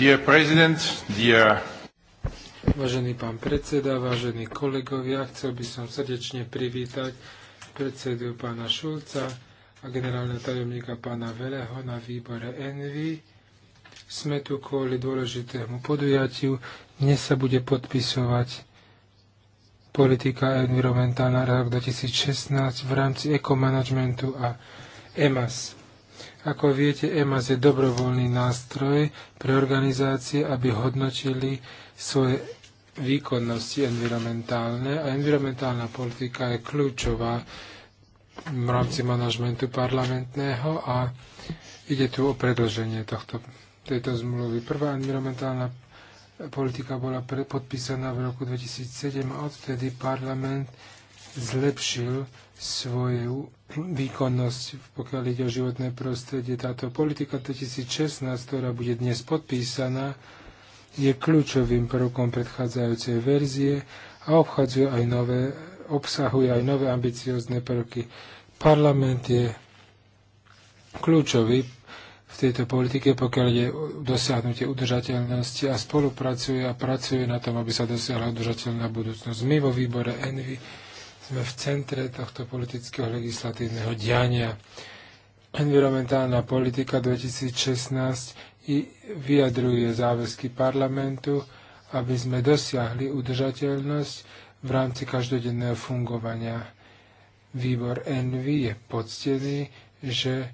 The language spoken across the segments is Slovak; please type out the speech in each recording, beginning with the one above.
Dear President, dear... Vážený pán predseda, vážení kolegovia, chcel by som srdečne privítať predsedu pána Šulca a generálneho tajomníka pána Veleho na výbore ENVI. Sme tu kvôli dôležitému podujatiu. Dnes sa bude podpisovať politika environmentálna rok 2016 v rámci ekomanagementu a EMAS. Ako viete, EMAS je dobrovoľný nástroj pre organizácie, aby hodnotili svoje výkonnosti environmentálne a environmentálna politika je kľúčová v rámci manažmentu parlamentného a ide tu o predlženie tohto, tejto zmluvy. Prvá environmentálna politika bola podpísaná v roku 2007 a odtedy parlament zlepšil svoju výkonnosť, pokiaľ ide o životné prostredie. Táto politika 2016, ktorá bude dnes podpísaná, je kľúčovým prvkom predchádzajúcej verzie a obchádzajú aj nové, obsahuje aj nové ambiciozne prvky. Parlament je kľúčový v tejto politike, pokiaľ je dosiahnutie udržateľnosti a spolupracuje a pracuje na tom, aby sa dosiahla udržateľná budúcnosť. My vo výbore ENVY sme v centre tohto politického legislatívneho diania. Environmentálna politika 2016 i vyjadruje záväzky parlamentu, aby sme dosiahli udržateľnosť v rámci každodenného fungovania. Výbor NV je poctený, že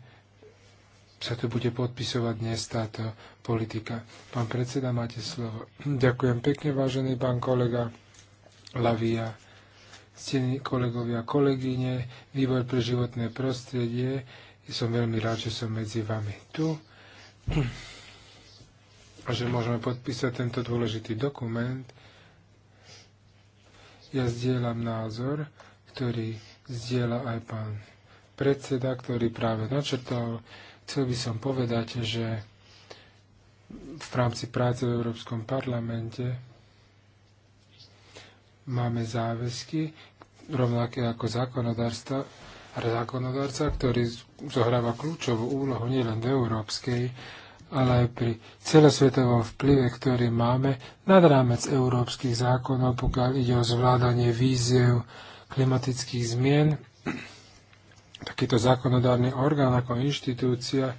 sa tu bude podpisovať dnes táto politika. Pán predseda, máte slovo. Ďakujem pekne, vážený pán kolega Lavia. Ctení kolegovia a kolegyne, výbor pre životné prostredie, som veľmi rád, že som medzi vami tu a že môžeme podpísať tento dôležitý dokument. Ja zdieľam názor, ktorý zdieľa aj pán predseda, ktorý práve načrtal. Chcel by som povedať, že v rámci práce v Európskom parlamente máme záväzky, rovnaké ako zákonodárstva, zákonodárca, ktorý zohráva kľúčovú úlohu nielen v európskej, ale aj pri celosvetovom vplyve, ktorý máme nad rámec európskych zákonov, pokiaľ ide o zvládanie víziev klimatických zmien. Takýto zákonodárny orgán ako inštitúcia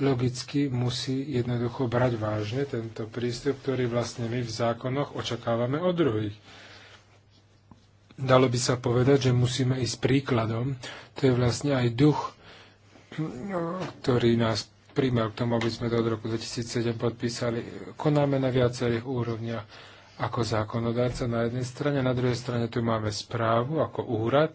logicky musí jednoducho brať vážne tento prístup, ktorý vlastne my v zákonoch očakávame od druhých dalo by sa povedať, že musíme ísť príkladom. To je vlastne aj duch, ktorý nás primel k tomu, aby sme to od roku 2007 podpísali. Konáme na viacerých úrovniach ako zákonodárca na jednej strane, na druhej strane tu máme správu ako úrad,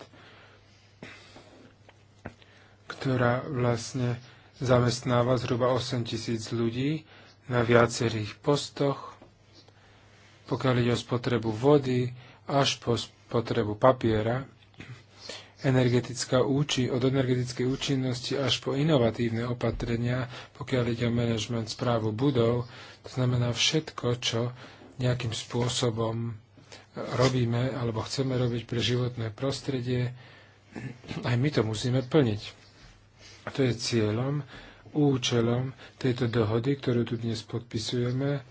ktorá vlastne zamestnáva zhruba 8 tisíc ľudí na viacerých postoch, pokiaľ ide o spotrebu vody, až po potrebu papiera, energetická úči, od energetickej účinnosti až po inovatívne opatrenia, pokiaľ ide o manažment správu budov, to znamená všetko, čo nejakým spôsobom e, robíme alebo chceme robiť pre životné prostredie, aj my to musíme plniť. A to je cieľom, účelom tejto dohody, ktorú tu dnes podpisujeme.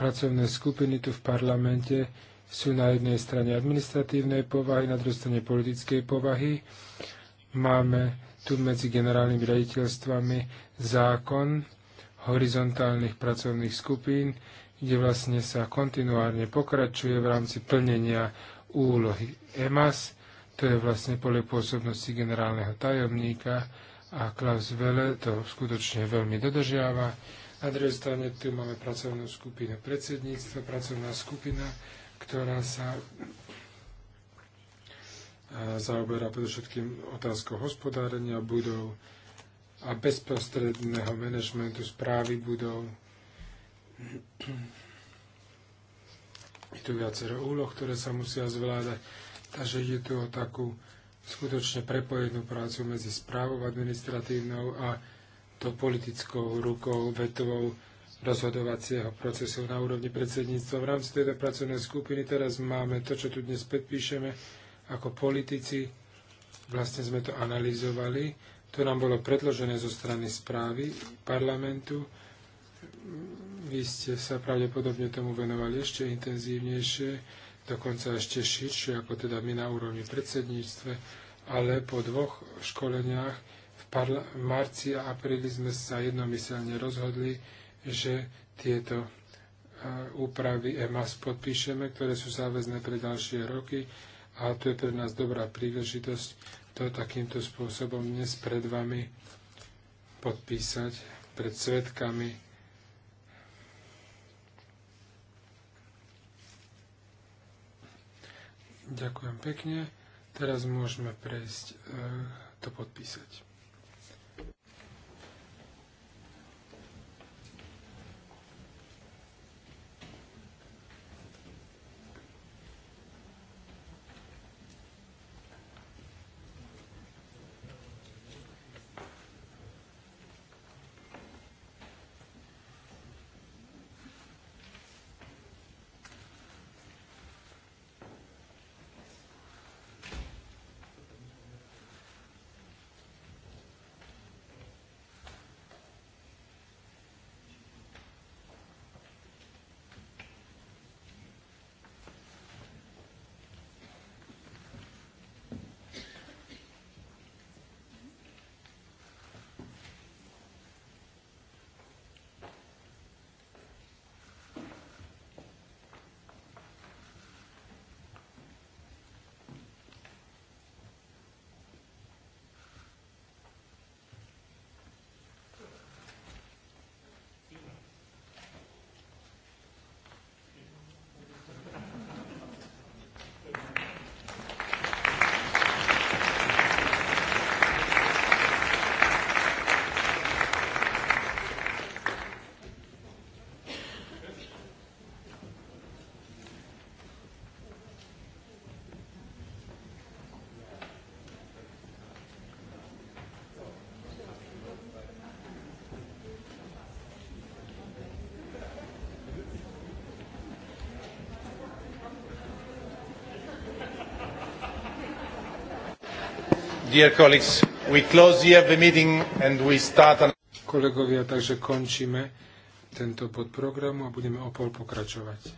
Pracovné skupiny tu v parlamente sú na jednej strane administratívnej povahy, na druhej strane politickej povahy. Máme tu medzi generálnymi raditeľstvami zákon horizontálnych pracovných skupín, kde vlastne sa kontinuárne pokračuje v rámci plnenia úlohy EMAS, to je vlastne pole pôsobnosti generálneho tajomníka a Klaus Welle to skutočne veľmi dodržiava. Na druhej strane tu máme pracovnú skupinu predsedníctva, pracovná skupina, ktorá sa e, zaoberá predovšetkým otázkou hospodárenia budov a bezprostredného manažmentu správy budov. Je tu viacero úloh, ktoré sa musia zvládať, takže ide tu o takú skutočne prepojenú prácu medzi správou administratívnou a to politickou rukou, vetovou rozhodovacieho procesu na úrovni predsedníctva. V rámci tejto pracovnej skupiny teraz máme to, čo tu dnes predpíšeme ako politici. Vlastne sme to analyzovali. To nám bolo predložené zo strany správy parlamentu. Vy ste sa pravdepodobne tomu venovali ešte intenzívnejšie, dokonca ešte širšie, ako teda my na úrovni predsedníctve, ale po dvoch školeniach v, v marci a apríli sme sa jednomyselne rozhodli, že tieto e, úpravy EMAS podpíšeme, ktoré sú záväzné pre ďalšie roky a to je pre nás dobrá príležitosť to takýmto spôsobom dnes pred vami podpísať, pred svetkami Ďakujem pekne. Teraz môžeme prejsť e, to podpísať. Dear colleagues, we close here the meeting and we start... An... Kolegovia, takže končíme tento bod programu a budeme o pol pokračovať.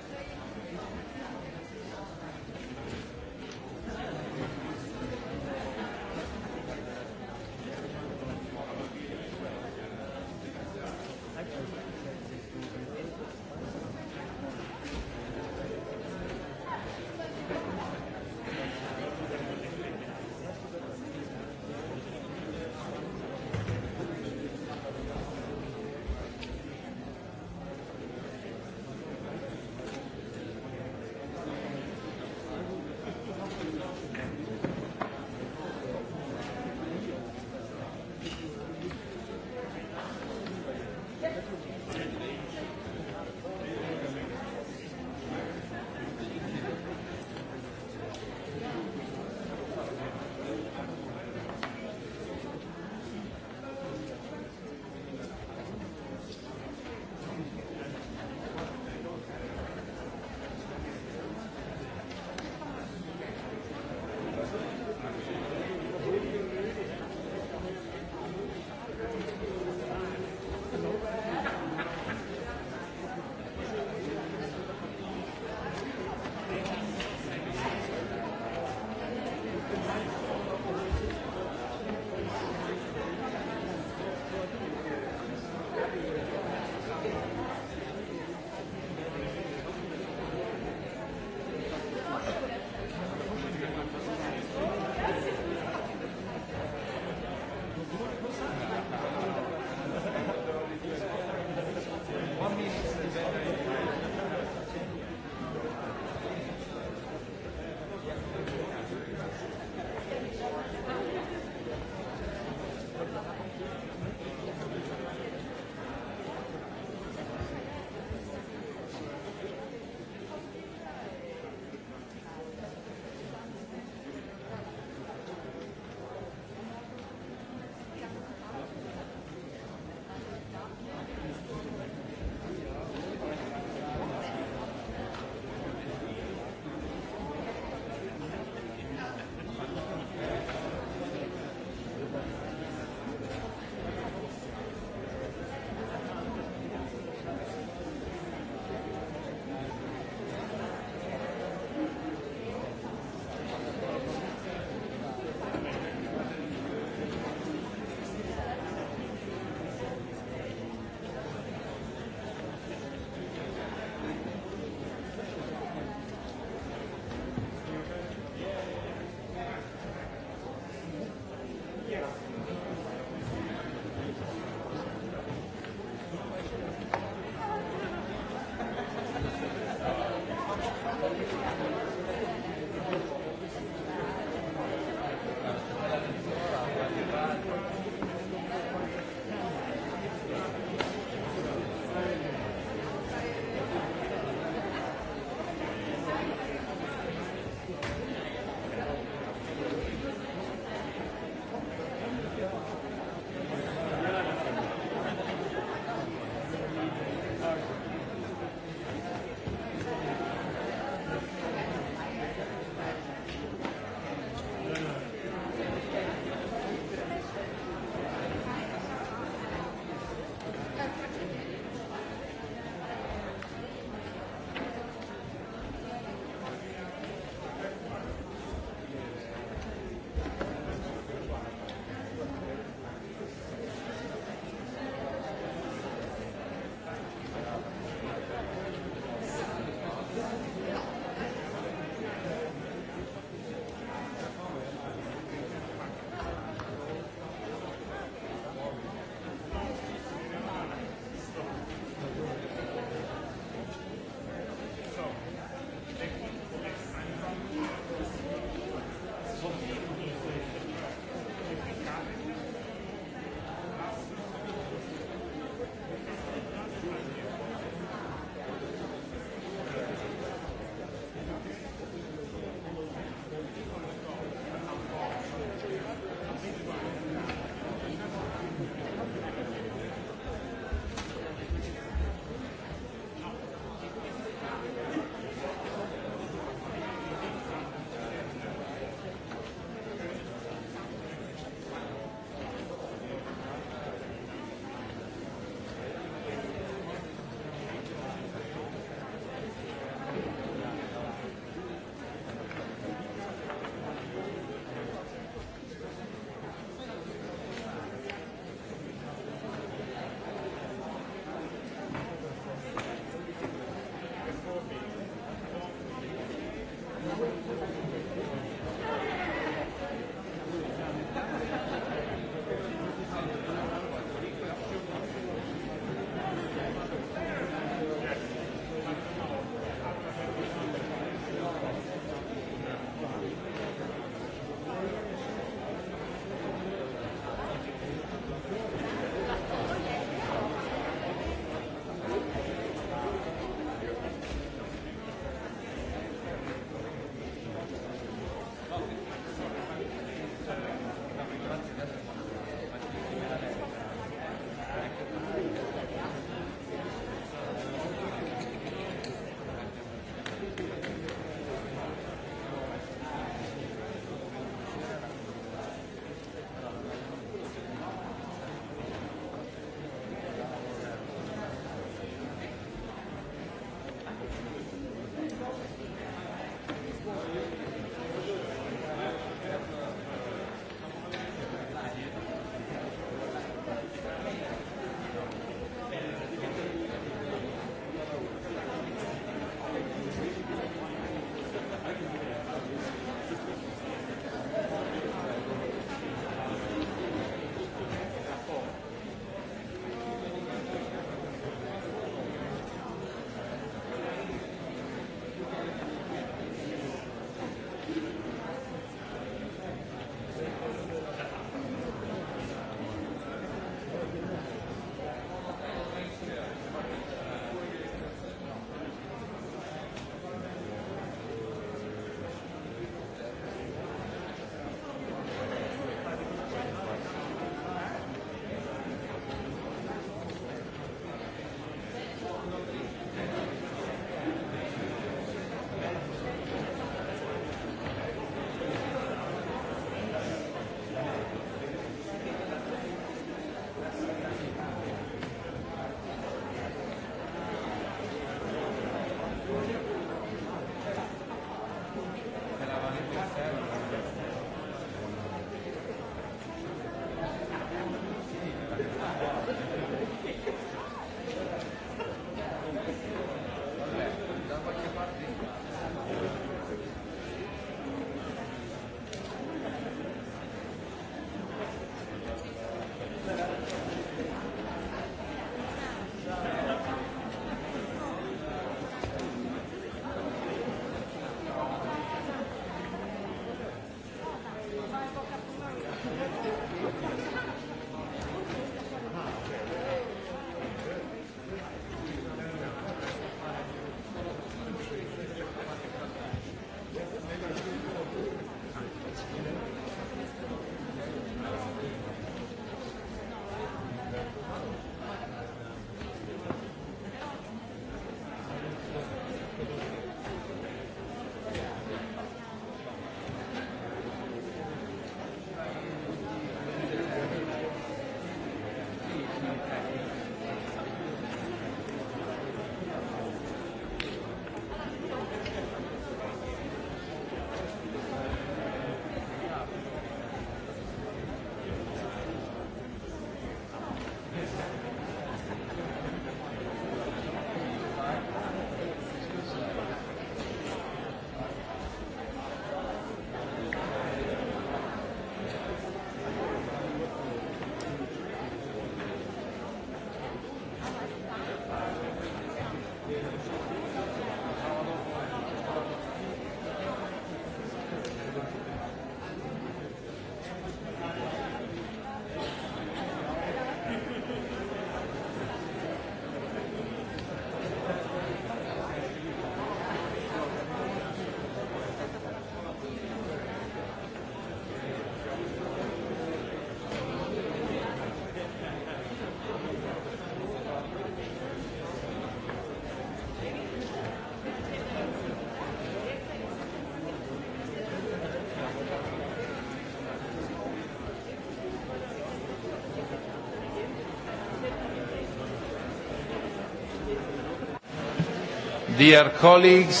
Dear colleagues,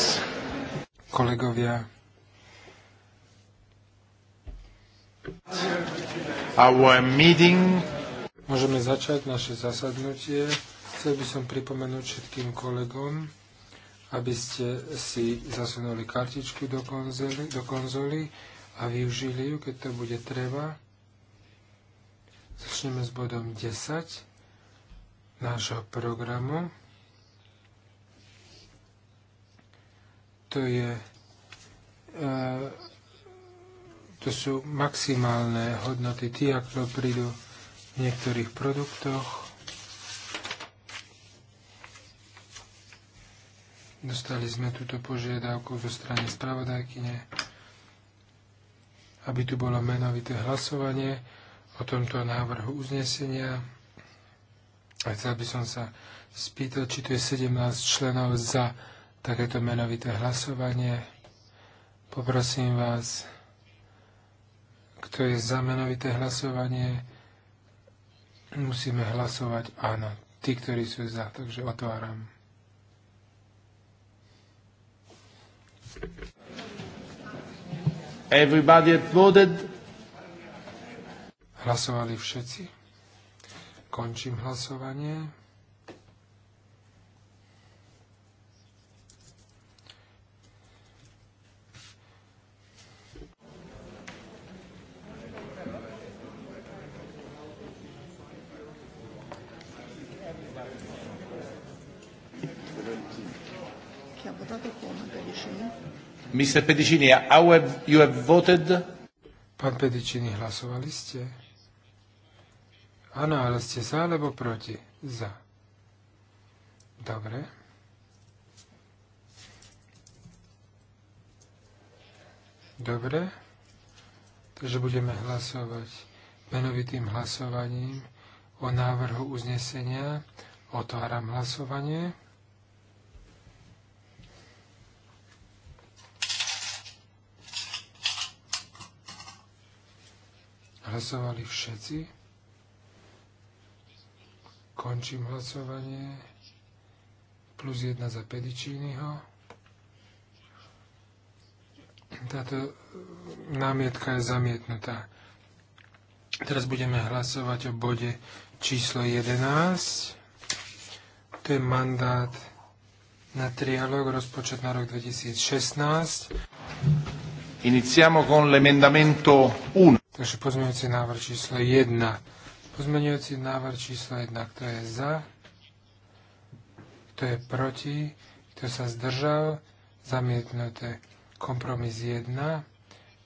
kolegovia, our meeting. Môžeme začať naše zasadnutie. Chcel by som pripomenúť všetkým kolegom, aby ste si zasunuli kartičku do konzoly, do konzoly a využili ju, keď to bude treba. Začneme s bodom 10 nášho programu. to je e, to sú maximálne hodnoty to prídu v niektorých produktoch. Dostali sme túto požiadavku zo strany spravodajkyne, aby tu bolo menovité hlasovanie o tomto návrhu uznesenia. A chcel by som sa spýtať, či tu je 17 členov za takéto menovité hlasovanie. Poprosím vás, kto je za menovité hlasovanie, musíme hlasovať áno. Tí, ktorí sú za, takže otváram. Everybody applauded. Hlasovali všetci. Končím hlasovanie. Mr. Pedicini, how have you have voted? Pán Pedicini, hlasovali ste? Áno, ale ste za alebo proti? Za. Dobre. Dobre. Takže budeme hlasovať menovitým hlasovaním o návrhu uznesenia. Otváram hlasovanie. Hlasovali všetci? Končím hlasovanie. Plus jedna za Pedičínyho. Táto e, námietka je zamietnutá. Teraz budeme hlasovať o bode číslo 11. To je mandát na trialog rozpočet na rok 2016. Iniciamo con l'emendamento 1. Takže pozmeňujúci návrh číslo 1. Pozmeňujúci návrh číslo 1. Kto je za? Kto je proti? Kto sa zdržal? Zamietnuté. Kompromis 1.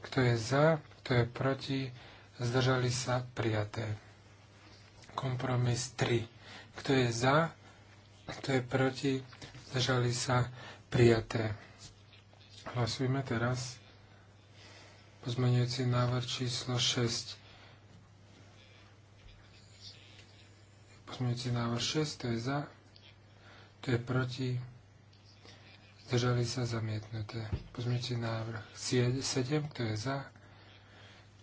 Kto je za? Kto je proti? Zdržali sa? Prijaté. Kompromis 3. Kto je za? Kto je proti? Zdržali sa? Prijaté. Hlasujme teraz. Pozmeňujúci návrh číslo 6. Pozmeňujúci návrh 6, to je za, to je proti, zdržali sa zamietnuté. Pozmeňujúci návrh 7, to je za,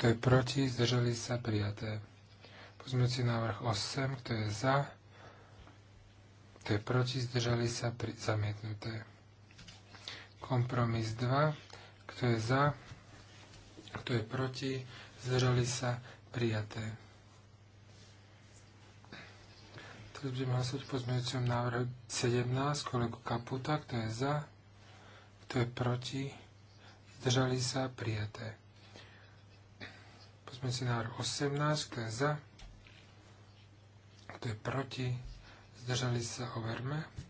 to je proti, zdržali sa prijaté. Pozmeňujúci návrh 8, kto je za, kto je proti, zdržali sa pri, zamietnuté. Kompromis 2, kto je za, kto je proti? Zdržali sa? Prijaté. Teraz budeme hlasovať po zmenujúcom návrhu 17 kolegu Kaputa. Kto je za? Kto je proti? Zdržali sa? Prijaté. si návrh 18. Kto je za? Kto je proti? Zdržali sa? Overme.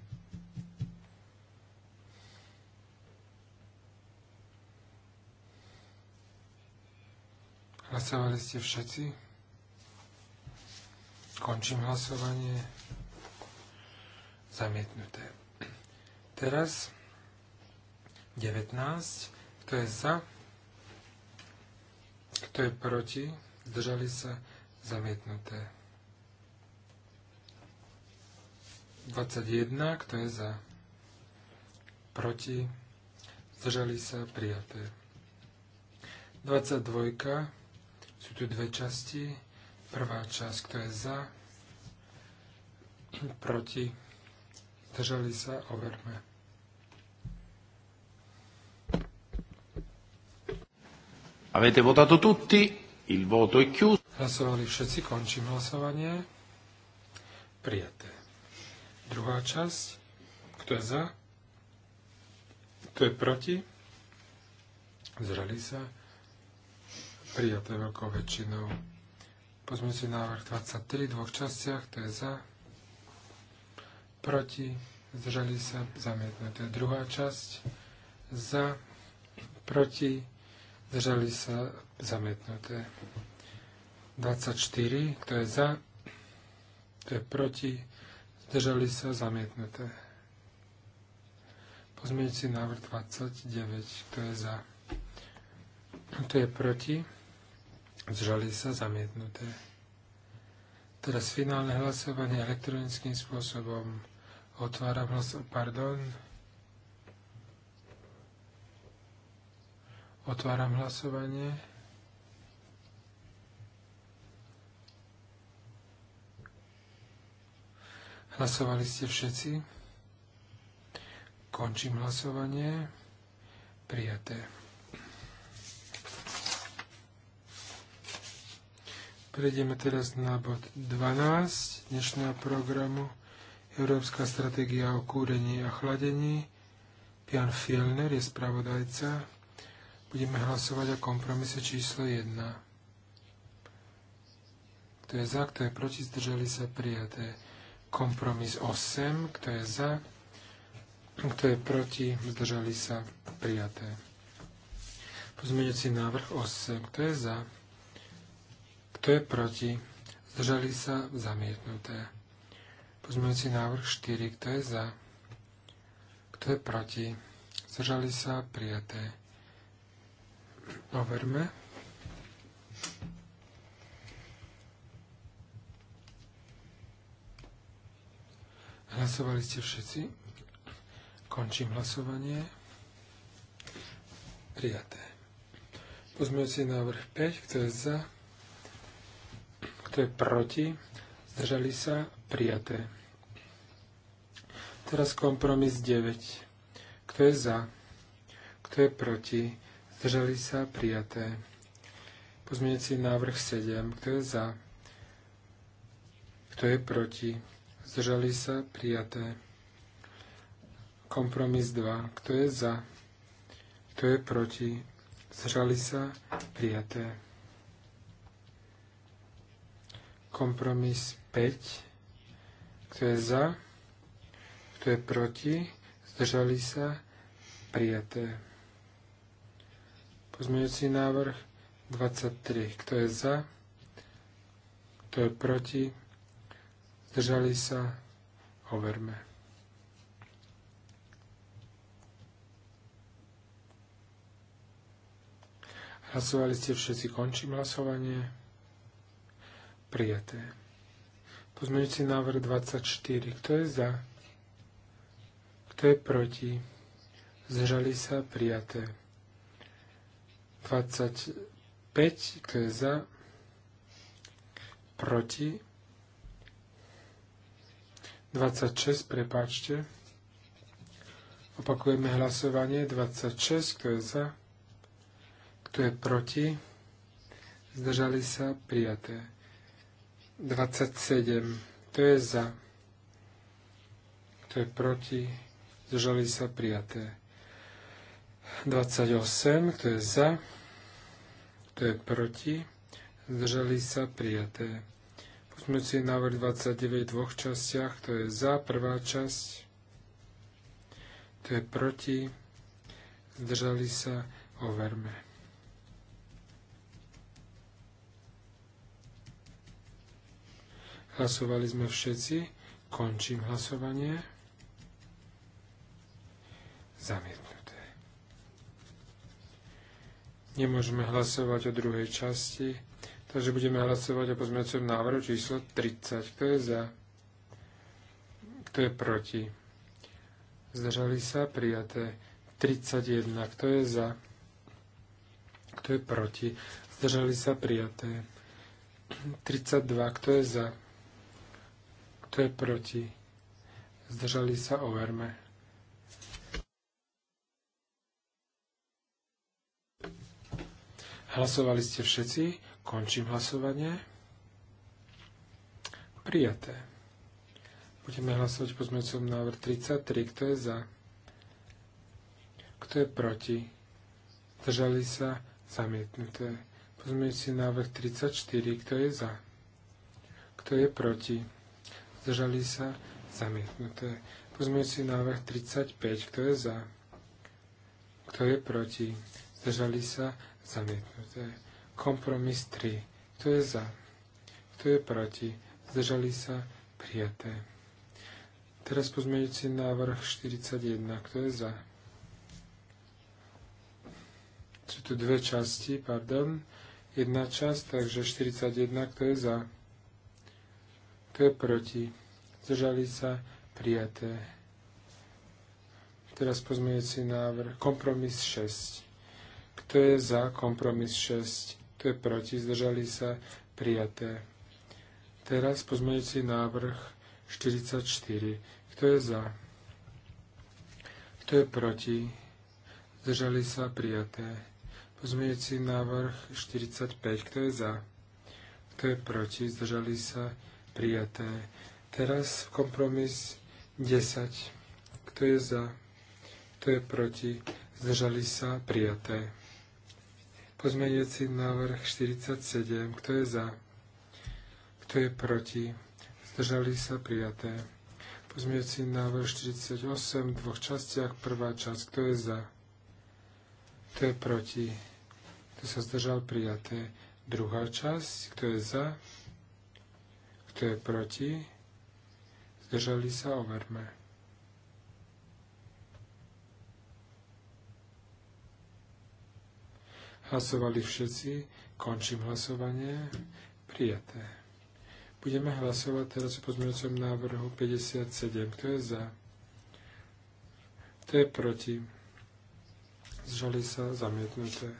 Hlasovali ste všetci? Končím hlasovanie. Zamietnuté. Teraz 19. Kto je za? Kto je proti? Zdržali sa? Zamietnuté. 21. Kto je za? Proti? Zdržali sa? Prijaté. 22. Sú tu dve časti. Prvá časť, kto je za, proti, držali sa, overme. Avete votato tutti, il voto è chiuso. Hlasovali všetci, končím hlasovanie. Prijaté. Druhá časť, kto je za, kto je proti, zrali sa, prijaté veľkou väčšinou. Pozme si návrh 23 v dvoch častiach, to je za, proti, zdržali sa, zamietnuté. Druhá časť, za, proti, zdržali sa, zamietnuté. 24, kto je za, to je proti, zdržali sa, zamietnuté. Pozmeňujúci návrh 29, kto je za, kto je proti, Zžali sa zamietnuté. Teraz finálne hlasovanie elektronickým spôsobom. Otváram hlas... Pardon. Otváram hlasovanie. Hlasovali ste všetci? Končím hlasovanie. Prijaté. Prejdeme teraz na bod 12 dnešného programu Európska stratégia o kúrení a chladení. Pian Fielner je spravodajca. Budeme hlasovať o kompromise číslo 1. Kto je za, kto je proti, zdržali sa prijaté. Kompromis 8, kto je za, kto je proti, zdržali sa prijaté. Pozmeňujúci návrh 8, kto je za, kto je proti? Zdržali sa zamietnuté. Pozmeňujúci návrh 4. Kto je za? Kto je proti? Zdržali sa prijaté. Overme. Hlasovali ste všetci? Končím hlasovanie. Prijaté. Pozmeňujúci návrh 5. Kto je za? Kto je proti? Zdržali sa? Prijaté. Teraz kompromis 9. Kto je za? Kto je proti? Zdržali sa? Prijaté. si návrh 7. Kto je za? Kto je proti? Zdržali sa? Prijaté. Kompromis 2. Kto je za? Kto je proti? Zdržali sa? Prijaté. Kompromis 5. Kto je za? Kto je proti? Zdržali sa? Prijaté. Pozmeňujúci návrh 23. Kto je za? Kto je proti? Zdržali sa? Overme. Hlasovali ste všetci, končím hlasovanie. Prijaté. Pozmeňujúci návrh 24. Kto je za? Kto je proti? Zdržali sa? Prijaté. 25. Kto je za? Proti? 26. Prepáčte. Opakujeme hlasovanie 26. Kto je za? Kto je proti? Zdržali sa? Prijaté. 27. To je za. To je proti. Zdržali sa prijaté. 28. to je za? Kto je proti? Zdržali sa prijaté. si návrh 29 v dvoch častiach. to je za? Prvá časť. to je proti? Zdržali sa? Overme. Hlasovali sme všetci. Končím hlasovanie. Zamietnuté. Nemôžeme hlasovať o druhej časti, takže budeme hlasovať o pozmeňujúcom návrhu číslo 30. Kto je za? Kto je proti? Zdržali sa? Prijaté. 31. Kto je za? Kto je proti? Zdržali sa? Prijaté. 32. Kto je za? Kto je proti? Zdržali sa, overme. Hlasovali ste všetci? Končím hlasovanie. Prijaté. Budeme hlasovať po zmencom návrh 33. Kto je za? Kto je proti? Zdržali sa? Zamietnuté. Pozmeňujúci návrh 34. Kto je za? Kto je proti? zdržali sa, zamietnuté. Pozmeňujúci návrh 35, kto je za, kto je proti, zdržali sa, zamietnuté. Kompromis 3, kto je za, kto je proti, zdržali sa, prijaté. Teraz pozmeňujúci návrh 41, kto je za. Sú tu dve časti, pardon. Jedna časť, takže 41, kto je za kto je proti? Zdržali sa? Prijaté. Teraz pozmeňujúci návrh. Kompromis 6. Kto je za kompromis 6? Kto je proti? Zdržali sa? Prijaté. Teraz pozmeňujúci návrh 44. Kto je za? Kto je proti? Zdržali sa? Prijaté. si návrh 45. Kto je za? Kto je proti? Zdržali sa? Prijaté prijaté. Teraz kompromis 10. Kto je za? Kto je proti? Zdržali sa? Prijaté. Pozmeniaci návrh 47. Kto je za? Kto je proti? Zdržali sa? Prijaté. Pozmeniaci návrh 48 v dvoch častiach. Prvá časť. Kto je za? Kto je proti? Kto sa zdržal? Prijaté. Druhá časť. Kto je za? Kto je proti? Zdržali sa? Overme. Hlasovali všetci. Končím hlasovanie. Prijaté. Budeme hlasovať teraz o pozmeňujúcom návrhu 57. Kto je za? Kto je proti? Zžali sa zamietnuté.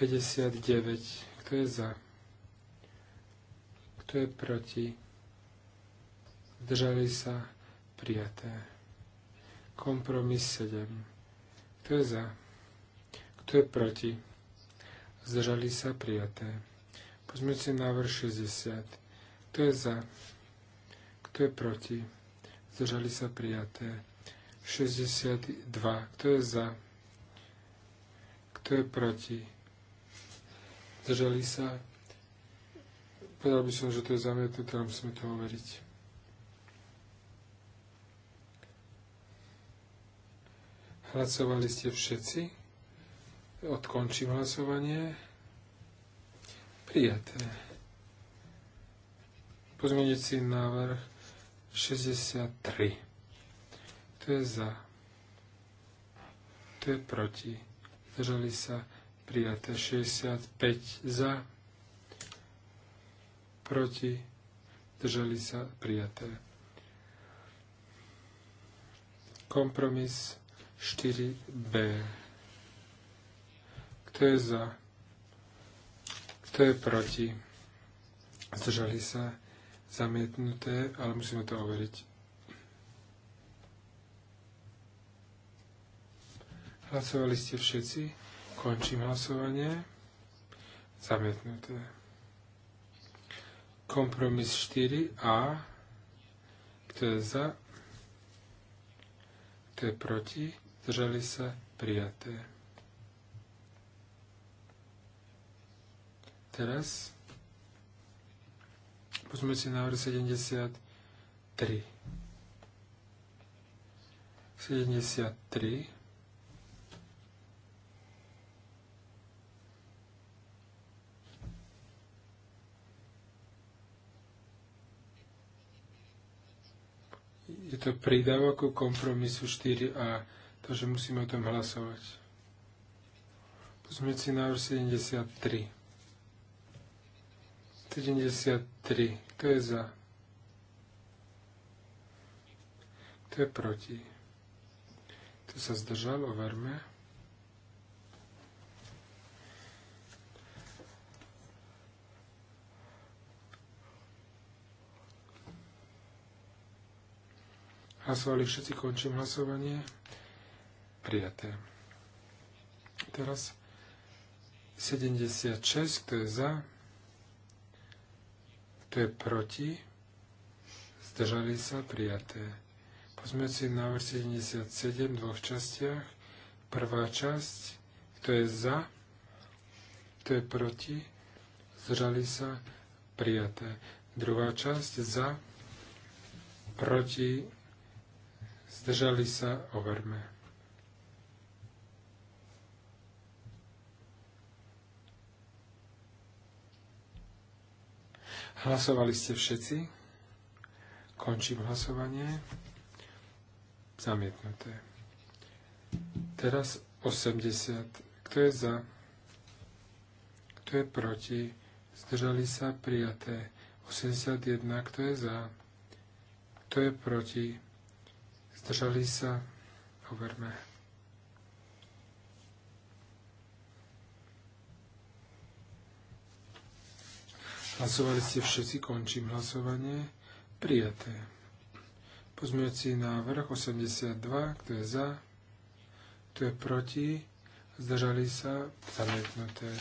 59. Kto je za? Kto je proti? Zdržali sa? Prijaté. Kompromis 7. Kto je za? Kto je proti? Zdržali sa? Prijaté. si návrh 60. Kto je za? Kto je proti? Zdržali sa? Prijaté. 62. Kto je za? Kto je proti? Zdržali sa? Povedal by som, že to je zamietnuté, ale musíme to overiť. Hlasovali ste všetci. Odkončím hlasovanie. Prijaté. Pozmeňujúci návrh 63. To je za. To je proti. Zdržali sa prijaté 65 za proti, držali sa prijaté. Kompromis 4b. Kto je za? Kto je proti? Zdržali sa zamietnuté, ale musíme to overiť. Hlasovali ste všetci? Končím hlasovanie. Zamietnuté. Kompromis 4a. Kto je za? Kto je proti? Zdržali sa? Prijaté. Teraz Pozme si návrh 73. 73. je to prídavok ku kompromisu 4a, takže musíme o tom hlasovať. Pozme si návrh 73. 73. Kto je za? Kto je proti? Kto sa zdržal? Overme. Hlasovali všetci, končím hlasovanie. Prijaté. Teraz 76, kto je za, kto je proti, zdržali sa, prijaté. Pozmeňujúci návrh 77 v dvoch častiach. Prvá časť, kto je za, kto je proti, zdržali sa, prijaté. Druhá časť za, proti, zdržali sa, overme. Hlasovali ste všetci? Končím hlasovanie. Zamietnuté. Teraz 80. Kto je za? Kto je proti? Zdržali sa prijaté. 81. Kto je za? Kto je proti? Zdržali sa? Overme. Hlasovali ste všetci, končím hlasovanie. Prijaté. Pozmeňujúci návrh 82, kto je za, kto je proti, zdržali sa, zamietnuté.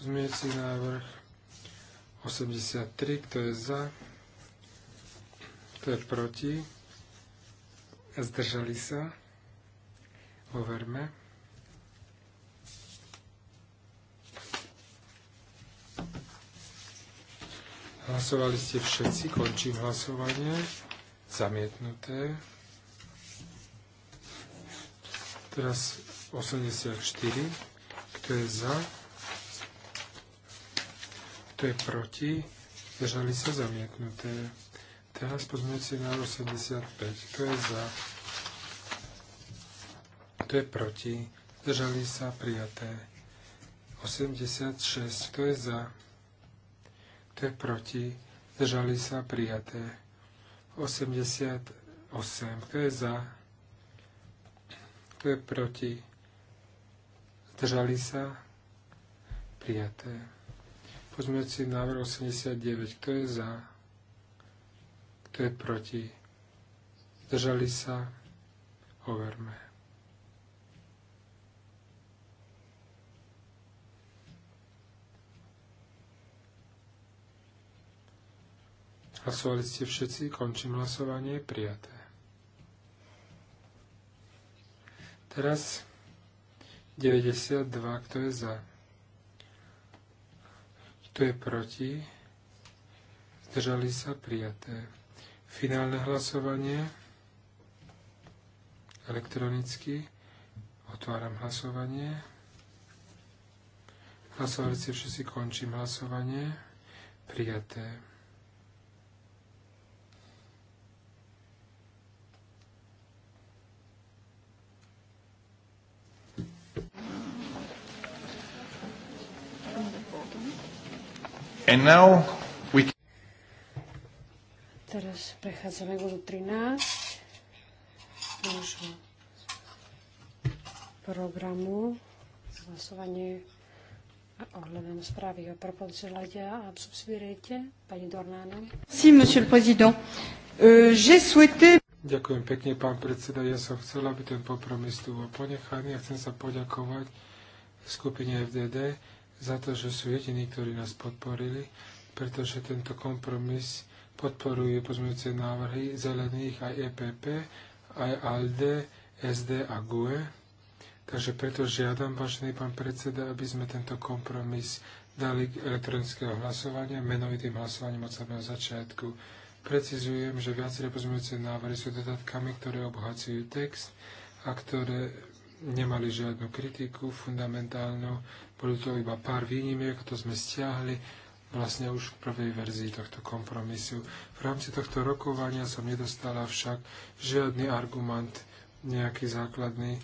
Pozmeňujúci návrh 83, kto je za, kto je proti, zdržali sa, overme. Hlasovali ste všetci, končím hlasovanie, zamietnuté. Teraz 84, kto je za, kto je proti, zdržali sa, zamietnuté. Teraz pozmeňujúci návrh 85, Kto je za? Kto je proti? Zdržali sa prijaté. 86. Kto je za? Kto je proti? Zdržali sa prijaté. 88. Kto je za? Kto je proti? Zdržali sa prijaté. Pozmeňujúci návrh 89. Kto je za? Kto je proti? Zdržali sa? Overme. Hlasovali ste všetci, končím hlasovanie, prijaté. Teraz 92, kto je za? Kto je proti? Zdržali sa prijaté. Finálne hlasovanie elektronicky. Otváram hlasovanie. Hlasovali ste všetci, končím hlasovanie. Prijaté. And now Teraz prechádzame k bodu 13 nášho programu hlasovanie ohľadom správy o propolcelade a subsidiarite. Pani Dornána. Si, monsieur le président. Euh, J'ai souhaité... Ďakujem pekne, pán predseda. Ja som chcela, aby ten popromis tu bol ponechaný a ja chcem sa poďakovať skupine FDD za to, že sú jediní, ktorí nás podporili, pretože tento kompromis podporujú pozmeňujúce návrhy zelených aj EPP, aj ALDE, SD a GUE. Takže preto žiadam, vážený pán predseda, aby sme tento kompromis dali k elektronického hlasovania, menovitým hlasovaním od samého začiatku. Precizujem, že viaceré pozmeňujúce návrhy sú dodatkami, ktoré obohacujú text a ktoré nemali žiadnu kritiku fundamentálnu. Boli to iba pár výnimiek, to sme stiahli vlastne už v prvej verzii tohto kompromisu. V rámci tohto rokovania som nedostala však žiadny argument nejaký základný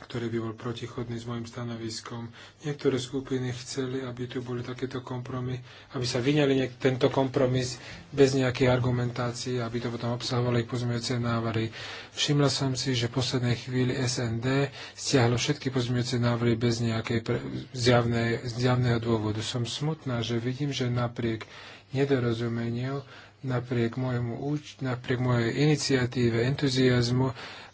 ktorý by bol protichodný s môjim stanoviskom. Niektoré skupiny chceli, aby tu boli takéto kompromy, aby sa vyňali tento kompromis bez nejakej argumentácií, aby to potom obsahovali ich pozmeňujúce návrhy. Všimla som si, že v poslednej chvíli SND stiahlo všetky pozmeňujúce návrhy bez nejakej pre... zjavnej, zjavného dôvodu. Som smutná, že vidím, že napriek nedorozumeniu, napriek, môjmu, napriek mojej iniciatíve, entuziasmu,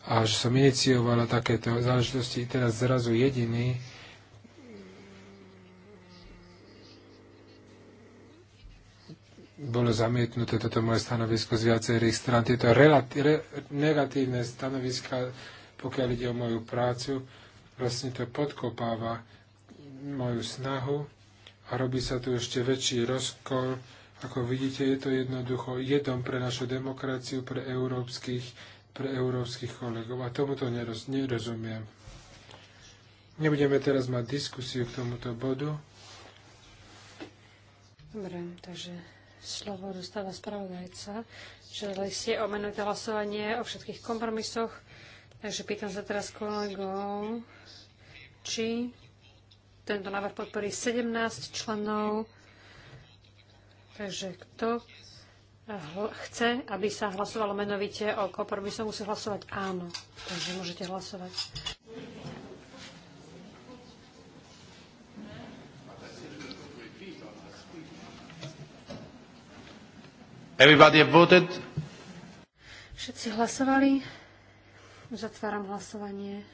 a že som iniciovala takéto záležitosti teraz zrazu jediný, bolo zamietnuté toto moje stanovisko z viacerých stran. Tieto relati- re- negatívne stanoviska, pokiaľ ide o moju prácu, vlastne to podkopáva moju snahu a robí sa tu ešte väčší rozkol. Ako vidíte, je to jednoducho jedom pre našu demokraciu, pre európskych pre európskych kolegov. A tomuto neroz, nerozumiem. Nebudeme teraz mať diskusiu k tomuto bodu. Dobre, takže slovo dostáva spravodajca. Želali ste omenúť hlasovanie o všetkých kompromisoch. Takže pýtam sa teraz kolegov, či tento návrh podporí 17 členov. Takže kto chce, aby sa hlasovalo menovite o kompromisu, musí hlasovať áno. Takže môžete hlasovať. Everybody voted? Všetci hlasovali. Zatváram hlasovanie.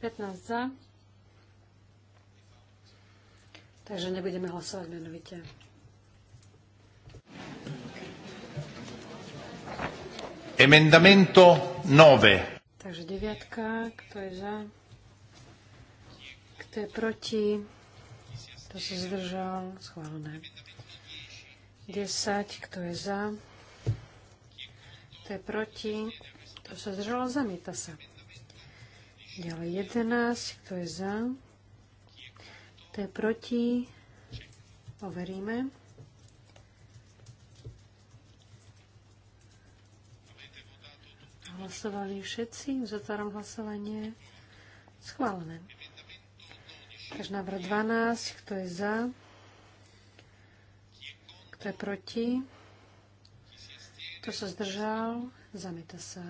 15 za. Takže nebudeme hlasovať menovite. Emendamento 9. Takže deviatka, kto je za? Kto je proti? Kto sa zdržal? Schválené. 10, kto je za? Kto je proti? Kto sa zdržal? Zamieta sa. Ďalej 11, kto je za? Kto je proti? Overíme. Hlasovali všetci. Zatváram hlasovanie. Schválené. Takže návrh 12. Kto je za? Kto je proti? Kto sa zdržal? Zamieta sa.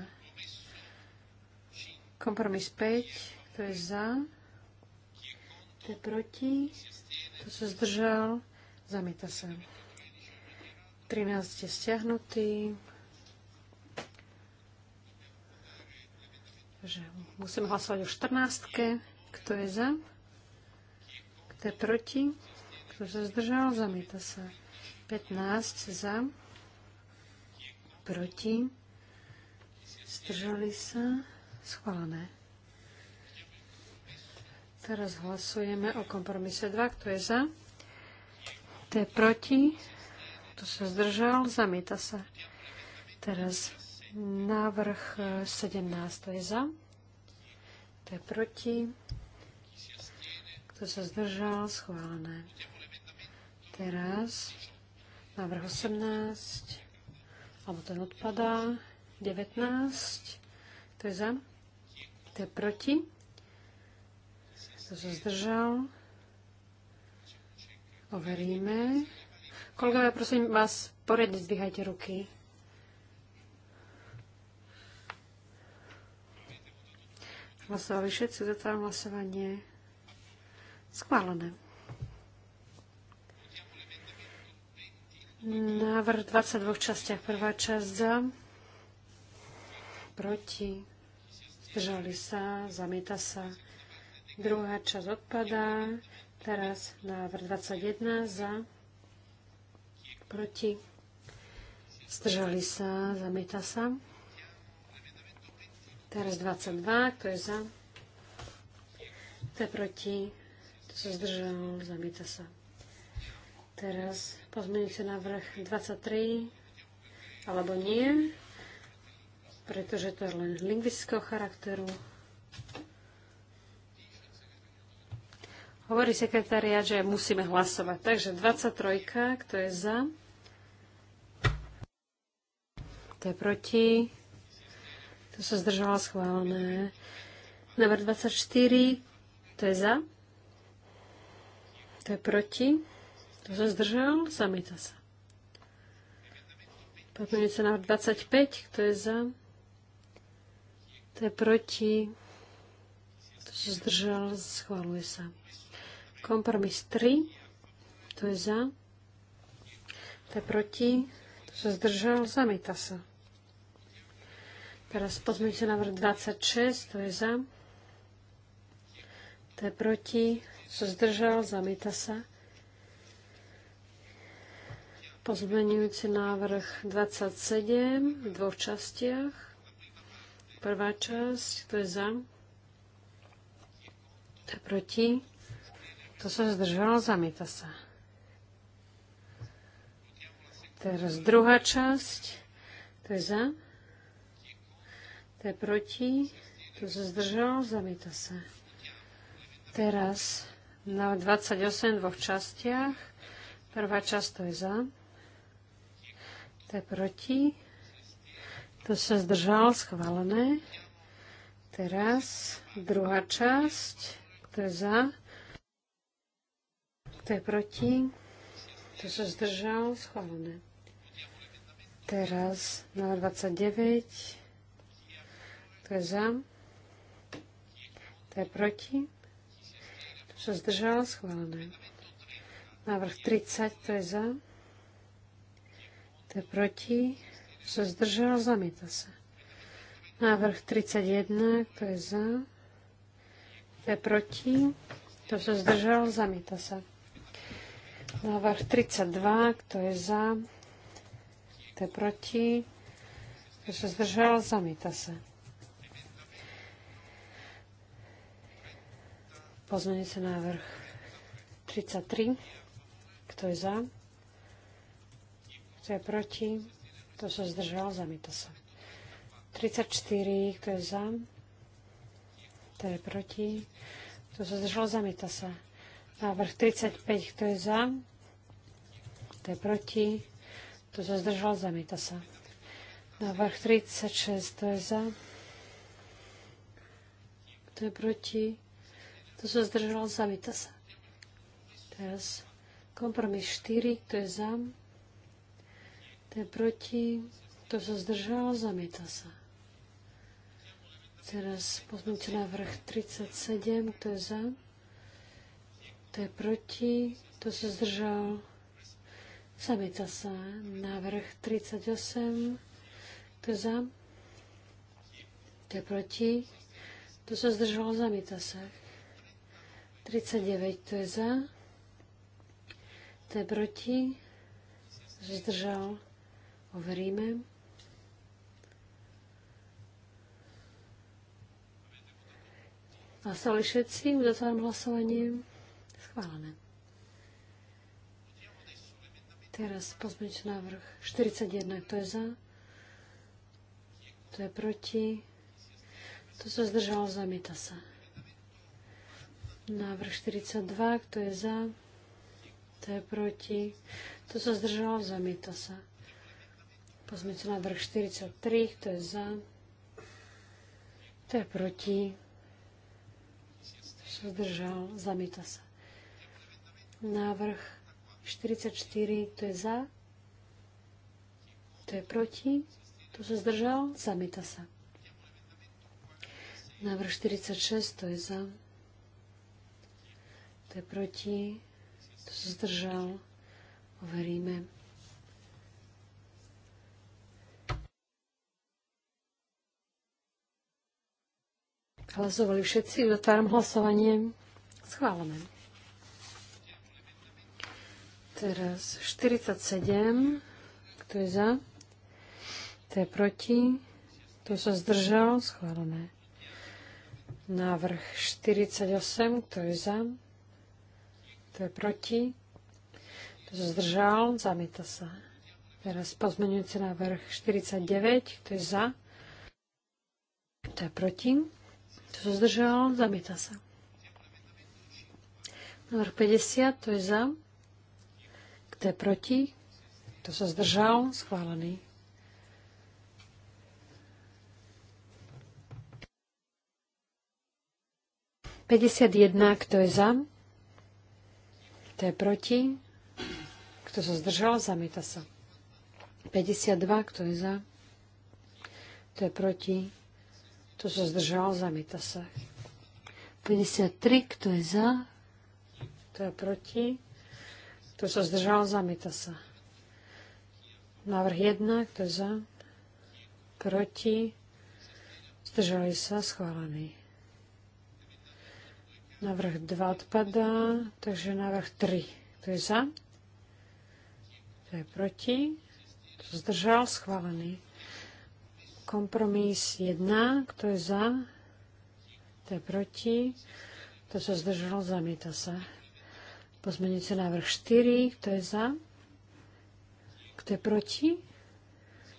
Kompromis 5. Kto je za? Kto je proti? Kto sa zdržal? Zamieta sa. 13 je stiahnutý. Takže musíme hlasovať o 14. Kto je za? Kto je proti? Kto sa zdržal? Zamieta sa. 15 za. Proti. Zdržali sa. Schválené. Teraz hlasujeme o kompromise 2. Kto je za? Kto je proti? Kto sa zdržal? Zamieta sa. Teraz Návrh 17, e, to je za. To je proti. Kto sa zdržal? Schválené. Teraz návrh 18, alebo ten odpadá. 19, to je za. To je proti. Kto sa zdržal? Overíme. Kolegovia, prosím vás, poriadne zdvíhajte ruky. Hlasovali všetci, tam hlasovanie. Schválené. Návrh 22 častiach. Prvá časť za, proti, zdržali sa, zamieta sa. Druhá časť odpadá. Teraz návrh 21 za, proti, zdržali sa, zamieta sa. Teraz 22, kto je za? Kto je proti? Kto sa zdržal? Zamieta sa. Teraz pozmeňujúci návrh 23, alebo nie, pretože to je len lingvistického charakteru. Hovorí sekretariat, že musíme hlasovať. Takže 23, kto je za? Kto je proti? To sa zdržala schválené. Návrh 24, to je za, to je proti, kto sa zdržal, zamieta sa. sa návrh 25, kto je za, to je proti, To sa zdržal, schváluje sa. Kompromis 3, to je za, to je proti, kto sa zdržal, zamieta sa. Teraz pozmeňte návrh 26, to je za. To je proti. Co zdržal, zamieta sa. Pozmeňujúci návrh 27 v dvoch častiach. Prvá časť, to je za. To je proti. To sa zdržalo, zamieta sa. Teraz druhá časť, to je za. To je proti. Tu sa zdržal. Zamieta sa. Teraz na 28 dvoch častiach. Prvá časť to je za. To je proti. To sa zdržal. Schválené. Teraz druhá časť. To je za. To je proti. To sa zdržal. Schválené. Teraz na 29 kto je za? Kto je proti? To sa zdržalo Schválené. Návrh 30. Kto je za? to je proti? To sa zdržalo, Zamieta sa. Návrh 31. to je za? Kto je proti? Kto sa zdržalo, Zamieta sa. Návrh 32. Kto je za? to je proti? Kto sa zdržal? Zamieta sa. Pozmenie sa návrh 33. Kto je za? Kto je proti? Kto sa zdržal? Zamýta sa. 34. Kto je za? Kto je proti? Kto sa zdržal? Zamýta sa. Návrh 35. Kto je za? Kto je proti? Kto sa zdržal? Zamýta sa. Návrh 36. Kto je za? Kto je proti? Kto sa zdržal, zamieta sa. Teraz kompromis 4, kto je za, kto je proti, kto sa zdržal, zamieta sa. Teraz pozmite návrh 37, kto je za, kto je proti, kto sa zdržal, zamieta sa. Návrh 38, kto je za, kto je proti, kto sa zdržal, zamieta sa. 39, to je za. To je proti. Zdržal. Overíme. Hlasovali všetci, uzatváram hlasovanie. Schválené. Teraz pozmeňte návrh 41, to je za? Kto je proti? To sa zdržalo, zamieta sa. Návrh 42, kto je za, kto je proti, kto sa zdržal, zamieta sa. sa návrh 43, kto je za, kto je proti, kto sa zdržal, zamieta sa. Návrh 44, kto je za, kto je proti, kto sa zdržal, zamieta sa. Návrh 46, to je za, kto je proti? Kto sa zdržal? Overíme. Hlasovali všetci, otváram hlasovanie. Schválené. Teraz 47. Kto je za? Kto je proti? Kto sa zdržal? Schválené. Návrh 48. Kto je za? Kto je proti? To je zdržal? Zamieta sa. Teraz na návrh 49. To je za? Kto je proti? To je zdržal? Zamieta sa. vrch 50. to je za? Kto je proti? Kto sa zdržal? Schválený. Päťdesiat jedna, kto je za? Kto je proti? Kto sa zdržal? Zamieta sa. 52. Kto je za? Kto je proti? Kto sa zdržal? Zamieta sa. 53. Kto je za? Kto je proti? Kto sa zdržal? Zamieta sa. Návrh 1. Kto je za? Proti? Zdržali sa? Schválený. Návrh 2 odpadá, takže navrh 3. To je za. To je proti. To zdržal, schválený. Kompromis 1, kto je za, to je proti. To sa zdržal, zamieta sa. Pozmenujúci návrh 4, kto je za, kto je proti.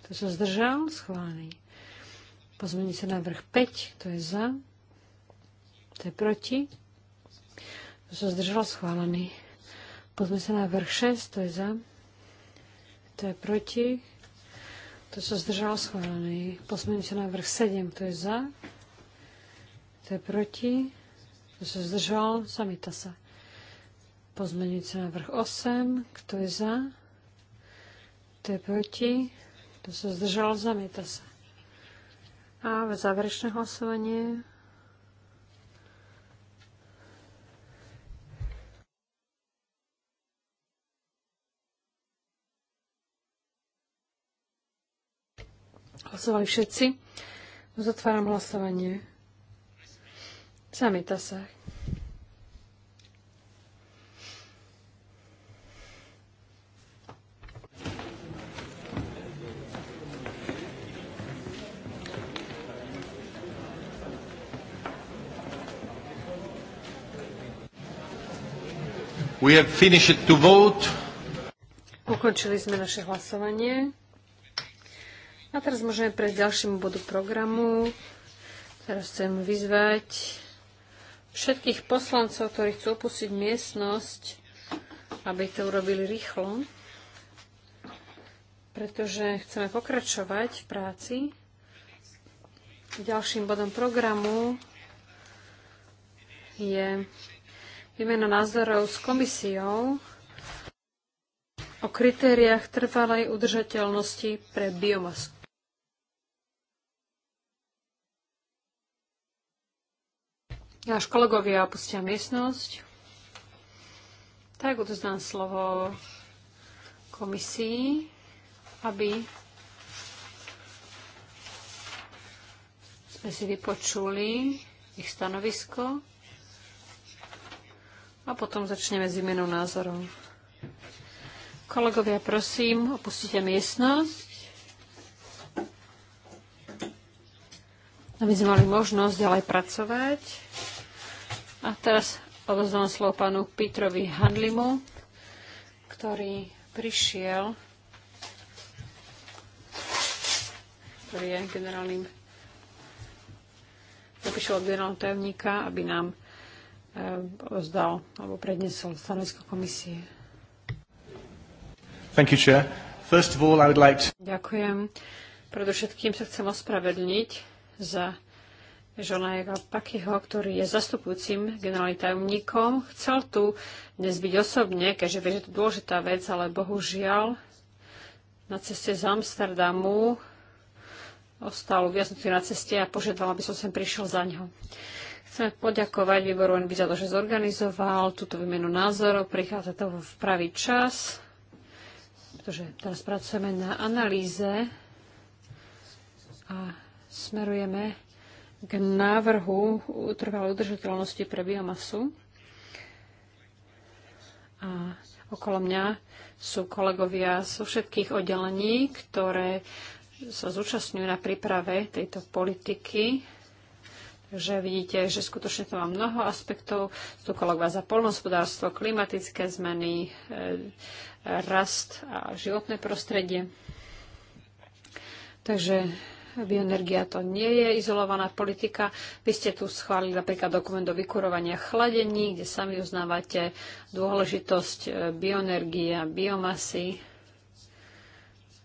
To sa zdržal, schválený. Pozmenujúci návrh 5, kto je za, kto je proti. To sa zdržal schválený. Pozme sa na vrch 6, to je za. To je proti. To sa zdržal schválený. Pozmeňujem sa na vrch 7, to je za. To je proti. To sa zdržal, zamieta sa. na vrch 8. Kto je za? Kto je proti? Kto sa zdržal? Zamieta sa. A záverečné hlasovanie Hlasovali všetci. Zatváram hlasovanie. Zamieta sa. We have finished to vote. Ukončili sme naše hlasovanie. A teraz môžeme prejsť ďalšiemu bodu programu. Teraz chcem vyzvať všetkých poslancov, ktorí chcú opustiť miestnosť, aby to urobili rýchlo, pretože chceme pokračovať v práci. Ďalším bodom programu je výmena názorov s komisiou o kritériách trvalej udržateľnosti pre biomasu. Až kolegovia opustia miestnosť. Tak odoznám slovo komisii, aby sme si vypočuli ich stanovisko a potom začneme s výmenou názorov. Kolegovia, prosím, opustite miestnosť. Aby sme mali možnosť ďalej pracovať. A teraz odozdám slovo pánu Petrovi Handlimu, ktorý prišiel, ktorý je generálnym napíšel od generálneho tajomníka, aby nám eh, ozdal alebo prednesol stanovisko komisie. Thank you, Chair. First of all, I would like to... Ďakujem. Predovšetkým sa chcem ospravedlniť za Žolajeva Pakyho, ktorý je zastupujúcim generálnym tajomníkom. Chcel tu dnes byť osobne, keďže vie, že to je dôležitá vec, ale bohužiaľ na ceste z Amsterdamu ostal uviaznutý na ceste a požiadal, aby som sem prišiel za ňo. Chcem poďakovať výboru NB za to, že zorganizoval túto výmenu názorov. Prichádza to v pravý čas, pretože teraz pracujeme na analýze a smerujeme k návrhu trvalej udržateľnosti pre biomasu. A okolo mňa sú kolegovia zo všetkých oddelení, ktoré sa zúčastňujú na príprave tejto politiky. Takže vidíte, že skutočne to má mnoho aspektov. Sú kolegovia za polnohospodárstvo, klimatické zmeny, e, rast a životné prostredie. Takže Bioenergia to nie je izolovaná politika. Vy ste tu schválili napríklad dokument do vykurovania chladení, kde sami uznávate dôležitosť e, bioenergie a biomasy.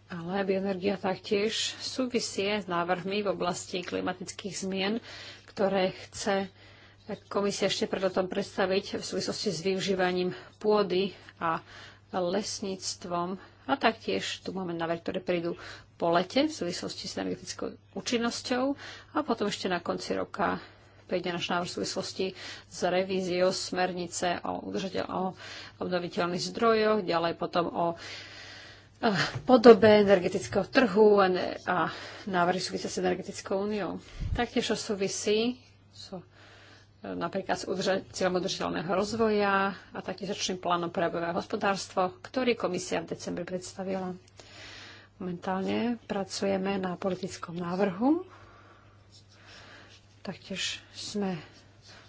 Ale bioenergia taktiež súvisie s návrhmi v oblasti klimatických zmien, ktoré chce komisia ešte pred predstaviť v súvislosti s využívaním pôdy a lesníctvom. A taktiež tu máme návrh, ktoré prídu po lete v súvislosti s energetickou účinnosťou a potom ešte na konci roka príde náš návrh v súvislosti s revíziou smernice o, udržateľ, o obnoviteľných zdrojoch, ďalej potom o eh, podobe energetického trhu a návrhy súvisia s energetickou úniou. Taktiež to súvisí so, eh, napríklad s cieľom udržateľného rozvoja a taktiež ročným plánom pre hospodárstvo, ktorý komisia v decembri predstavila. Momentálne pracujeme na politickom návrhu. Taktiež sme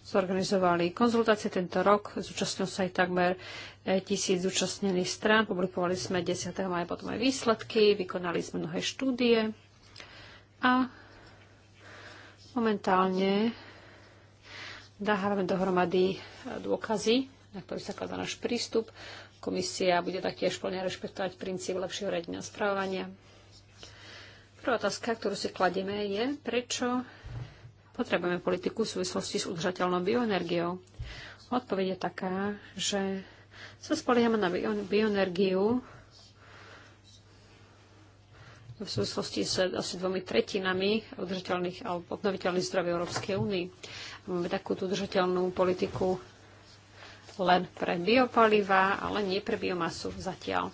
zorganizovali konzultácie tento rok. Zúčastnil sa aj takmer e, tisíc zúčastnených strán. Publikovali sme 10. maja potom aj výsledky, vykonali sme mnohé štúdie a momentálne dávame dohromady dôkazy, na ktorých sa kladá náš prístup. Komisia bude taktiež plne rešpektovať princíp lepšieho radenia správania. Prvá otázka, ktorú si kladieme, je, prečo potrebujeme politiku v súvislosti s udržateľnou bioenergiou. Odpoveď je taká, že sa spoliehame na bioenergiu v súvislosti s asi dvomi tretinami udržateľných alebo obnoviteľných zdrojov Európskej únie. Máme takúto udržateľnú politiku len pre biopalivá, ale nie pre biomasu zatiaľ.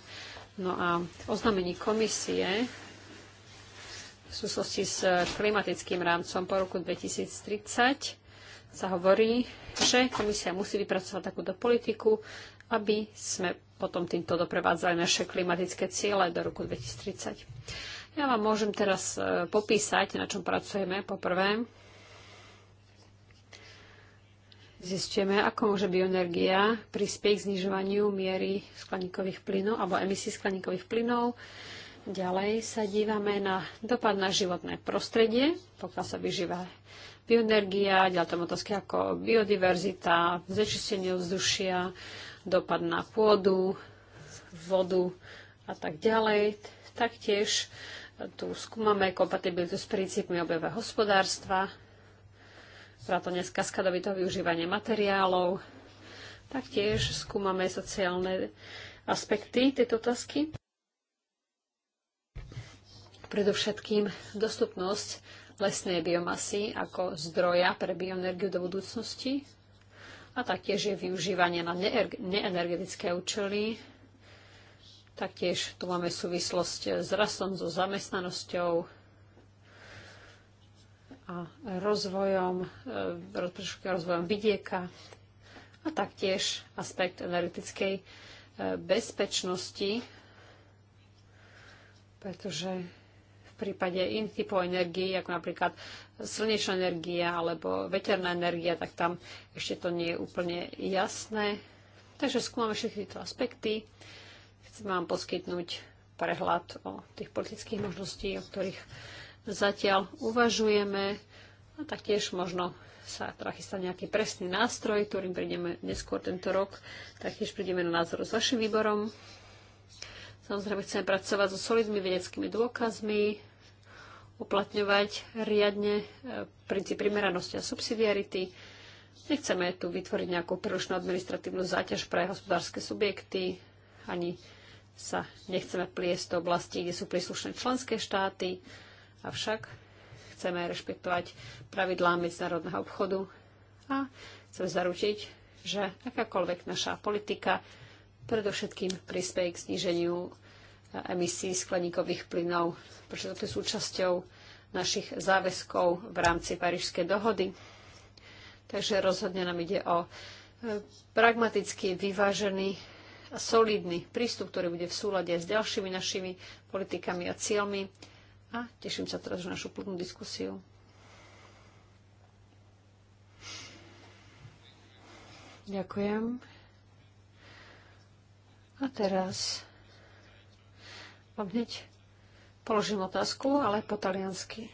No a oznámení komisie v súvislosti s klimatickým rámcom po roku 2030 sa hovorí, že komisia musí vypracovať takúto politiku, aby sme potom týmto doprevádzali naše klimatické ciele do roku 2030. Ja vám môžem teraz e, popísať, na čom pracujeme. Poprvé, zistíme, ako môže bioenergia prispieť k znižovaniu miery skleníkových plynov alebo emisí skleníkových plynov. Ďalej sa dívame na dopad na životné prostredie, pokiaľ sa vyžíva bioenergia, ďalej tam otázky ako biodiverzita, zečistenie vzdušia, dopad na pôdu, vodu a tak ďalej. Taktiež tu skúmame kompatibilitu s princípmi objavého hospodárstva, vrátane z kaskadovitého využívania materiálov. Taktiež skúmame sociálne aspekty tejto otázky. Predovšetkým dostupnosť lesnej biomasy ako zdroja pre bioenergiu do budúcnosti a taktiež je využívanie na neenergetické účely. Taktiež tu máme súvislosť s rastom, so zamestnanosťou, a rozvojom, e, rozvojom vidieka a taktiež aspekt energetickej e, bezpečnosti, pretože v prípade iných typov energií, ako napríklad slnečná energia alebo veterná energia, tak tam ešte to nie je úplne jasné. Takže skúmame všetky tieto aspekty. Chcem vám poskytnúť prehľad o tých politických možností, o ktorých zatiaľ uvažujeme a taktiež možno sa teda nejaký presný nástroj, ktorým prídeme neskôr tento rok, taktiež prídeme na názor s vašim výborom. Samozrejme chceme pracovať so solidnými vedeckými dôkazmi, uplatňovať riadne e, princíp primeranosti a subsidiarity. Nechceme tu vytvoriť nejakú prílišnú administratívnu záťaž pre hospodárske subjekty, ani sa nechceme pliesť do oblasti, kde sú príslušné členské štáty. Avšak chceme rešpektovať pravidlá medzinárodného obchodu a chceme zaručiť, že akákoľvek naša politika predovšetkým prispieje k zníženiu e, emisí skleníkových plynov, pretože to je súčasťou našich záväzkov v rámci Parížskej dohody. Takže rozhodne nám ide o e, pragmaticky vyvážený a solidný prístup, ktorý bude v súlade s ďalšími našimi politikami a cieľmi a teším sa teraz na našu plnú diskusiu. Ďakujem. A teraz vám hneď položím otázku, ale po taliansky.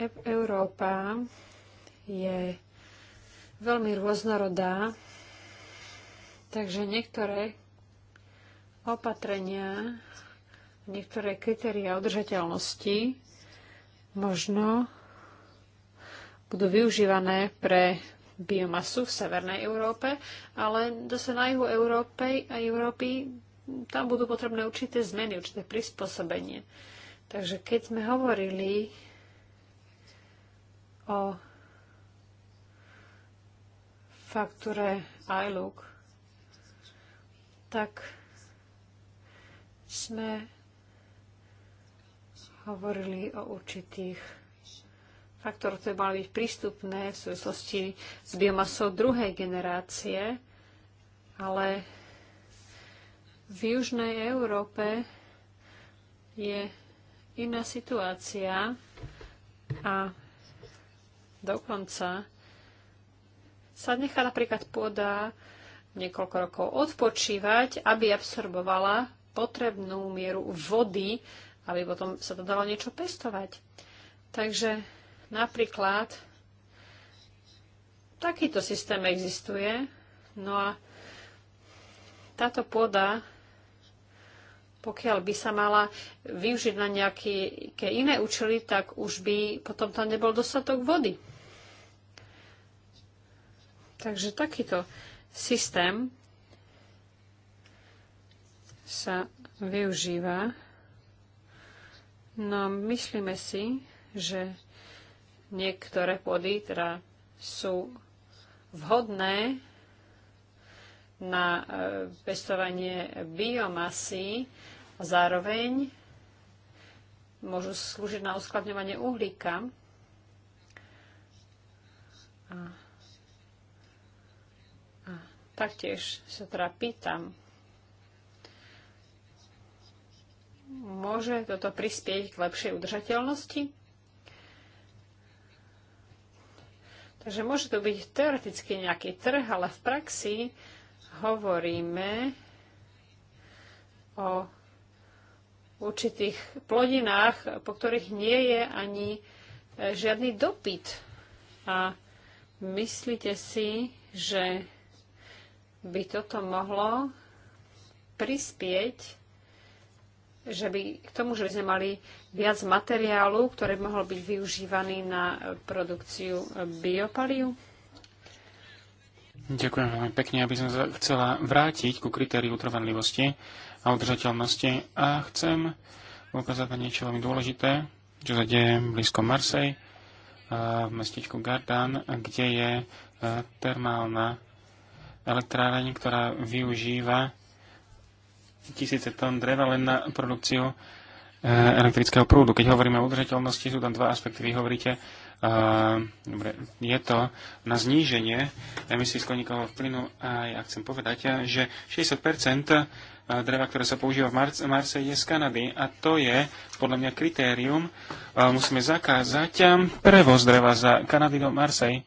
E- Európa je veľmi rôznorodá, takže niektoré opatrenia, niektoré kritéria udržateľnosti možno budú využívané pre biomasu v Severnej Európe, ale zase na juhu Európe a Európy tam budú potrebné určité zmeny, určité prispôsobenie. Takže keď sme hovorili o faktúre iLook, tak sme hovorili o určitých faktoroch, ktoré mali byť prístupné v súvislosti s biomasou druhej generácie, ale v južnej Európe je iná situácia a dokonca sa nechá napríklad pôda niekoľko rokov odpočívať, aby absorbovala potrebnú mieru vody, aby potom sa to dalo niečo pestovať. Takže napríklad takýto systém existuje. No a táto pôda, pokiaľ by sa mala využiť na nejaké iné účely, tak už by potom tam nebol dostatok vody. Takže takýto systém sa využíva. No myslíme si, že niektoré pôdy teda sú vhodné na e, pestovanie biomasy a zároveň môžu slúžiť na uskladňovanie uhlíka. A, a taktiež sa teda pýtam, Môže toto prispieť k lepšej udržateľnosti? Takže môže to byť teoreticky nejaký trh, ale v praxi hovoríme o určitých plodinách, po ktorých nie je ani e, žiadny dopyt. A myslíte si, že by toto mohlo prispieť že by, k tomu, že by sme mali viac materiálu, ktorý by mohol byť využívaný na produkciu biopaliu? Ďakujem veľmi pekne, aby som sa chcela vrátiť ku kritériu trvanlivosti a udržateľnosti a chcem ukázať na niečo veľmi dôležité, čo sa deje blízko Marsej, v mestečku Gardan, kde je e, termálna elektráreň, ktorá využíva tisíce tón dreva len na produkciu eh, elektrického prúdu. Keď hovoríme o udržateľnosti, sú tam dva aspekty. Vy hovoríte, uh, dobre, je to na zníženie emisí skleníkového plynu a ja chcem povedať, eh, že 60 dreva, ktoré sa používa v Marse, Marse je z Kanady a to je podľa mňa kritérium. Uh, musíme zakázať prevoz dreva za Kanady do Marsej,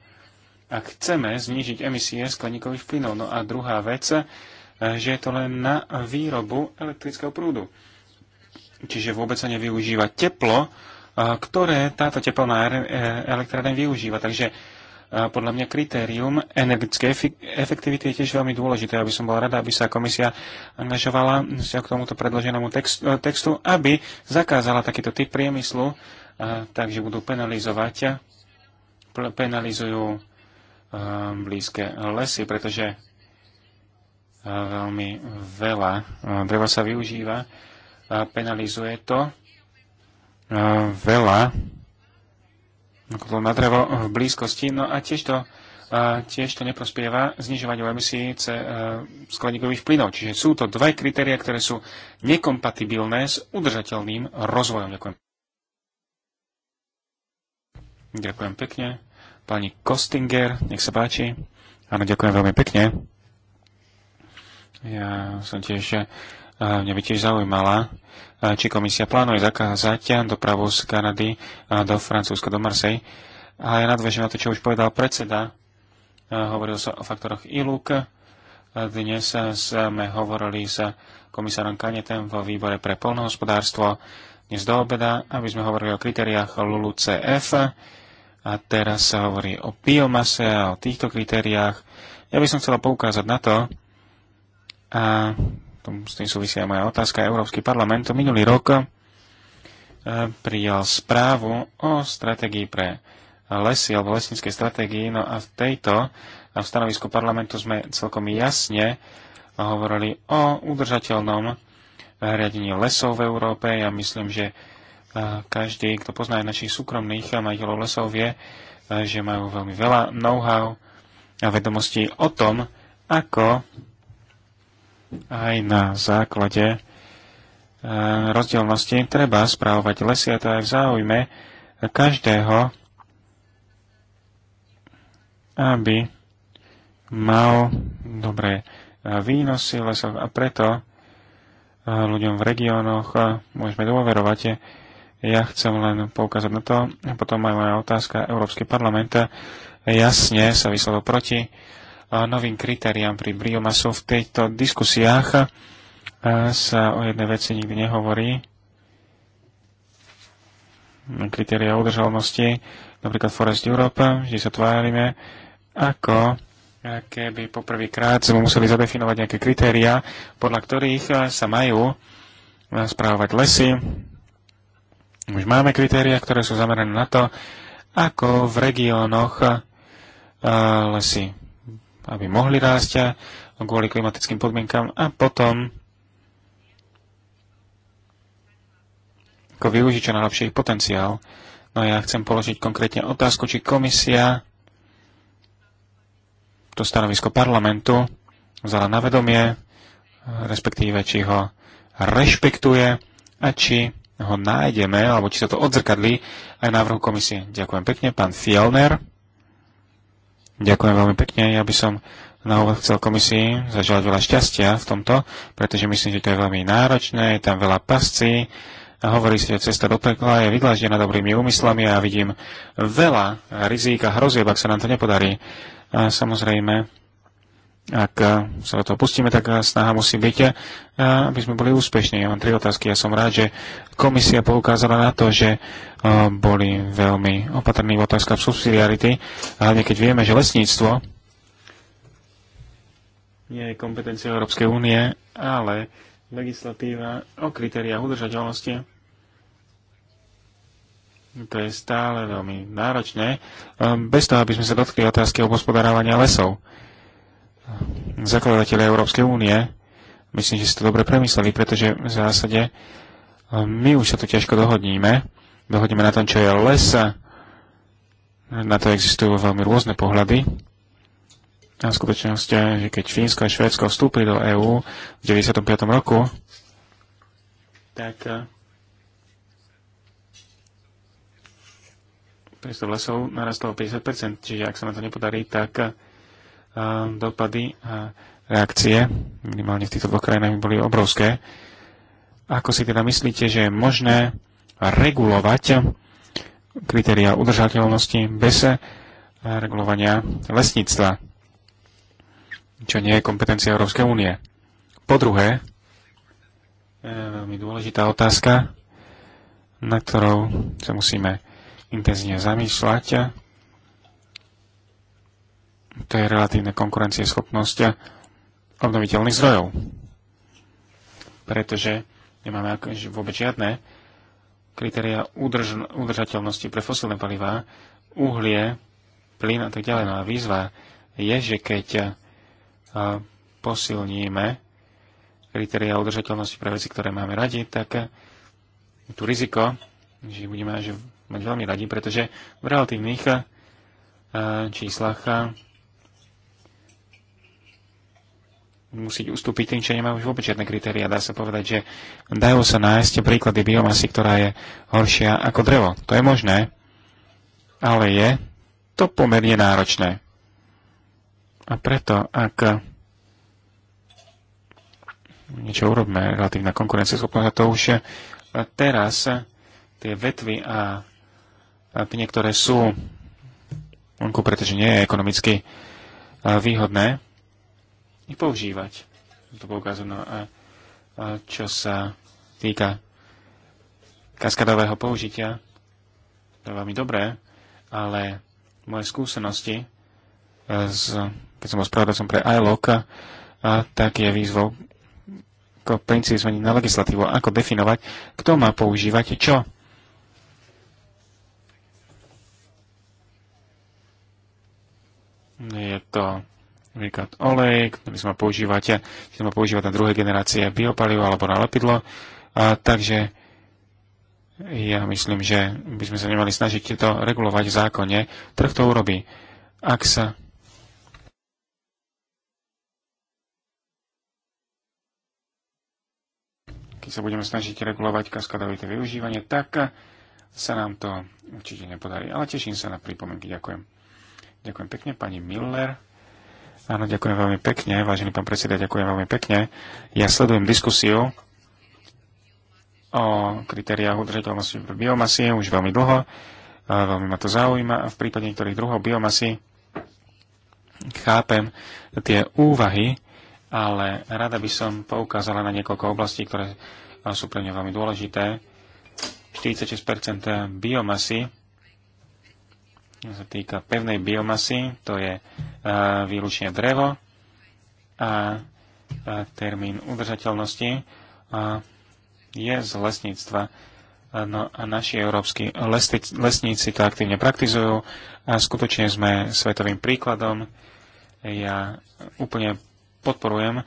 ak chceme znížiť emisie skleníkových plynov. No a druhá vec, že je to len na výrobu elektrického prúdu. Čiže vôbec sa nevyužíva teplo, ktoré táto teplná e, elektrárne využíva. Takže podľa mňa kritérium energetickej efektivity je tiež veľmi dôležité. aby som bol rada, aby sa komisia angažovala sa k tomuto predloženému e, textu, aby zakázala takýto typ priemyslu, takže budú penalizovať, penalizujú blízke lesy, pretože veľmi veľa. Dreva sa využíva, penalizuje to veľa na drevo v blízkosti, no a tiež to, tiež to neprospieva znižovaniu emisí e, skleníkových plynov. Čiže sú to dva kritéria, ktoré sú nekompatibilné s udržateľným rozvojom. Ďakujem. Ďakujem pekne. Pani Kostinger, nech sa páči. Áno, ďakujem veľmi pekne. Ja som tiež, eh, mňa by tiež zaujímala, eh, či komisia plánuje zakázať dopravu z Kanady eh, do Francúzska, do Marsej. A ja nadvežím na to, čo už povedal predseda. Hovoril sa o faktoroch ILUK. Dnes sme hovorili s komisárom Kanetem vo výbore pre polnohospodárstvo dnes do obeda, aby sme hovorili o kritériách LULU-CF. A teraz sa hovorí o biomase a o týchto kritériách. Ja by som chcela poukázať na to, a tom, s tým súvisia moja otázka. Európsky parlament minulý rok e, prijal správu o stratégii pre lesy alebo lesníckej stratégii. No a v tejto a v stanovisku parlamentu sme celkom jasne hovorili o udržateľnom riadení lesov v Európe. Ja myslím, že e, každý, kto pozná aj našich súkromných majiteľov lesov, vie, e, že majú veľmi veľa know-how a vedomostí o tom, ako aj na základe e, rozdielnosti treba správovať lesy a to aj v záujme každého, aby mal dobré e, výnosy lesov a preto e, ľuďom v regiónoch môžeme dôverovať. Ja chcem len poukázať na to, potom aj moja otázka, Európsky parlament jasne sa vyslovil proti novým kritériám pri biomasu. V týchto diskusiách e, sa o jednej veci nikdy nehovorí. Kritéria udržalnosti, napríklad Forest Europe, kde sa tvárime, ako e, keby poprvýkrát sme museli zadefinovať nejaké kritéria, podľa ktorých e, sa majú správovať lesy. Už máme kritéria, ktoré sú zamerané na to, ako v regiónoch lesy aby mohli rásť kvôli klimatickým podmienkam a potom ako využiť čo najlepší ich potenciál. No ja chcem položiť konkrétne otázku, či komisia to stanovisko parlamentu vzala na vedomie, respektíve či ho rešpektuje a či ho nájdeme, alebo či sa to odzrkadlí aj návrhu komisie. Ďakujem pekne, pán Fielner. Ďakujem veľmi pekne. Ja by som na úvod chcel komisii zaželať veľa šťastia v tomto, pretože myslím, že to je veľmi náročné, je tam veľa pasci, a hovorí si, že cesta do pekla je vydláždená dobrými úmyslami a ja vidím veľa rizík a hrozieb, ak sa nám to nepodarí. A samozrejme, ak eh, sa do toho pustíme, tak eh, snaha musí byť, eh, aby sme boli úspešní. Ja mám tri otázky. Ja som rád, že komisia poukázala na to, že boli veľmi opatrní v otázkach subsidiarity, hlavne keď vieme, že lesníctvo nie je kompetencia Európskej únie, ale legislatíva o kritériách udržateľnosti to je stále veľmi náročné, bez toho, aby sme sa dotkli otázky o hospodarávania lesov zakladateľe Európskej únie, myslím, že si to dobre premysleli, pretože v zásade eh, my už sa tu ťažko dohodníme. Dohodneme na tom, čo je les. Na to existujú veľmi rôzne pohľady. A skutočnosť je, že keď Fínsko a Švédsko vstúpili do EÚ v 95. roku, tak eh, prístup lesov narastol 50%, čiže ak sa na to nepodarí, tak eh, dopady a reakcie, minimálne v týchto dvoch krajinách, boli obrovské. Ako si teda myslíte, že je možné regulovať kritéria udržateľnosti bez regulovania lesníctva, čo nie je kompetencia Európskej únie? Po druhé, e, veľmi dôležitá otázka, na ktorou sa musíme intenzívne zamýšľať, to je relatívna schopnosť obnoviteľných zdrojov. Pretože nemáme vôbec žiadne kritéria udrž- udržateľnosti pre fosilné palivá, uhlie, plyn a tak ďalej. No a výzva je, že keď posilníme kritéria udržateľnosti pre veci, ktoré máme radi, tak tu riziko, že budeme mať veľmi radi, pretože v relatívnych číslach musieť ustúpiť tým, čo nemajú už vôbec žiadne kritéria. Dá sa povedať, že dajú sa nájsť príklady biomasy, ktorá je horšia ako drevo. To je možné, ale je to pomerne náročné. A preto, ak niečo urobme, relatívna konkurencia schopnosť, to už teraz tie vetvy a, tie, ktoré sú vonku, pretože nie je ekonomicky výhodné, ich používať. To poukazujú no a, a čo sa týka kaskadového použitia, to je veľmi dobré, ale moje skúsenosti, e, z, keď som bol spravodajcom pre ILOC, a tak je výzvou ako princíp zmeniť na legislatívu, ako definovať, kto má používať čo. Je to napríklad olej, ktorý sa má používať, sa má používať na druhé generácie biopaliva alebo na lepidlo. A, takže ja myslím, že by sme sa nemali snažiť to regulovať v zákone. Trh to urobí. Ak sa keď sa budeme snažiť regulovať kaskadovité využívanie, tak sa nám to určite nepodarí. Ale teším sa na pripomienky. Ďakujem. Ďakujem pekne pani Miller. Áno, ďakujem veľmi pekne, vážený pán predseda, ďakujem veľmi pekne. Ja sledujem diskusiu o kritériách udržateľnosti biomasy už veľmi dlho. Veľmi ma to zaujíma v prípade niektorých druhov biomasy chápem tie úvahy, ale rada by som poukázala na niekoľko oblastí, ktoré sú pre mňa veľmi dôležité. 46 biomasy čo sa týka pevnej biomasy, to je e, výlučne drevo a termín udržateľnosti je z lesníctva. No a naši európsky lesníci to aktívne praktizujú a skutočne sme svetovým príkladom. Ja úplne podporujem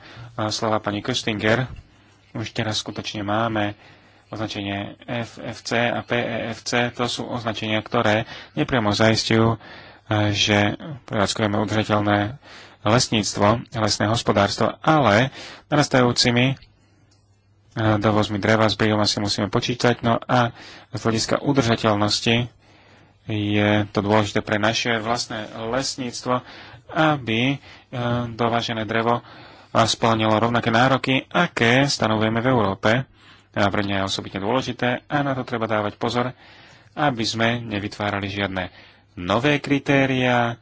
slova pani Köstinger. Už teraz skutočne máme označenie FFC a PEFC, to sú označenia, ktoré nepriamo zaistujú, e, že prevádzkujeme udržateľné lesníctvo, lesné hospodárstvo, ale narastajúcimi e, dovozmi dreva z biomasy musíme počítať. No a z hľadiska udržateľnosti je to dôležité pre naše vlastné lesníctvo, aby e, dovážené drevo splnilo rovnaké nároky, aké stanovujeme v Európe pre mňa je osobitne dôležité a na to treba dávať pozor, aby sme nevytvárali žiadne nové kritériá,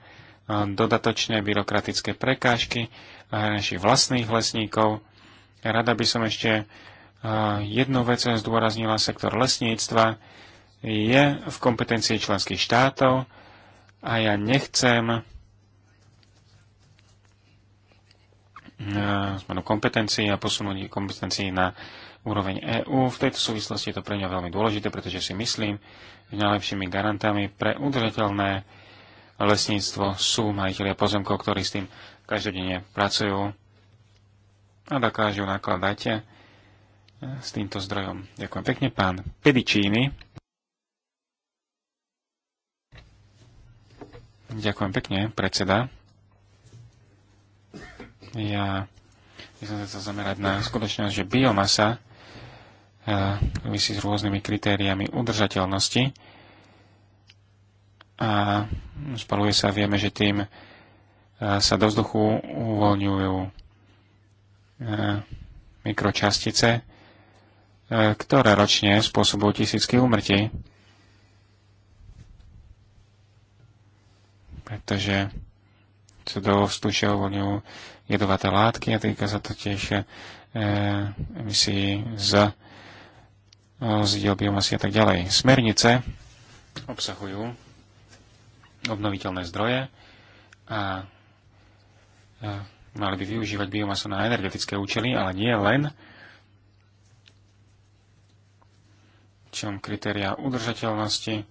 dodatočné byrokratické prekážky našich vlastných lesníkov. Rada by som ešte jednu vec zdôraznila. Sektor lesníctva je v kompetencii členských štátov a ja nechcem zmenu kompetencií a posunúť kompetencií na úroveň EÚ. V tejto súvislosti je to pre ňa veľmi dôležité, pretože si myslím, že najlepšími garantami pre udržateľné lesníctvo sú majiteľia pozemkov, ktorí s tým každodenne pracujú a dokážu nakladať eh, s týmto zdrojom. Ďakujem pekne, pán Pedičíny. Ďakujem pekne, predseda. Ja by som sa chcel zamerať na skutočnosť, že biomasa vysí s rôznymi kritériami udržateľnosti a spaluje sa, vieme, že tým e, sa do vzduchu uvoľňujú e, mikročastice, e, ktoré ročne spôsobujú tisícky úmrtí. Pretože sa do vzduchu uvoľňujú jedovaté látky a týka sa to tiež emisí z z biomasy a tak ďalej. Smernice obsahujú obnoviteľné zdroje a mali by využívať biomasu na energetické účely, ale nie len, čom kritéria udržateľnosti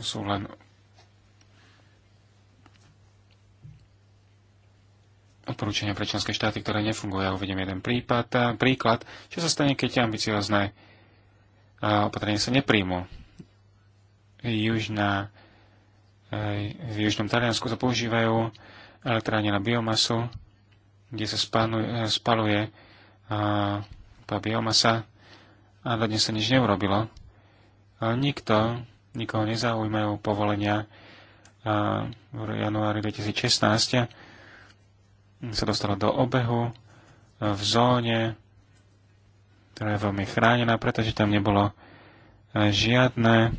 sú len odporúčania pre členské štáty, ktoré nefungujú. Ja uvediem jeden prípad, eh, príklad, čo sa stane, keď ambiciozne eh, opatrenie sa nepríjmu. Južná, eh, v južnom Taliansku sa používajú elektrárne na biomasu, kde sa spaluje, spaluje a, biomasa a dnes sa nič neurobilo. A nikto, nikoho nezaujímajú povolenia v januári 2016 sa dostala do obehu e, v zóne, ktorá je veľmi chránená, pretože tam nebolo e, žiadne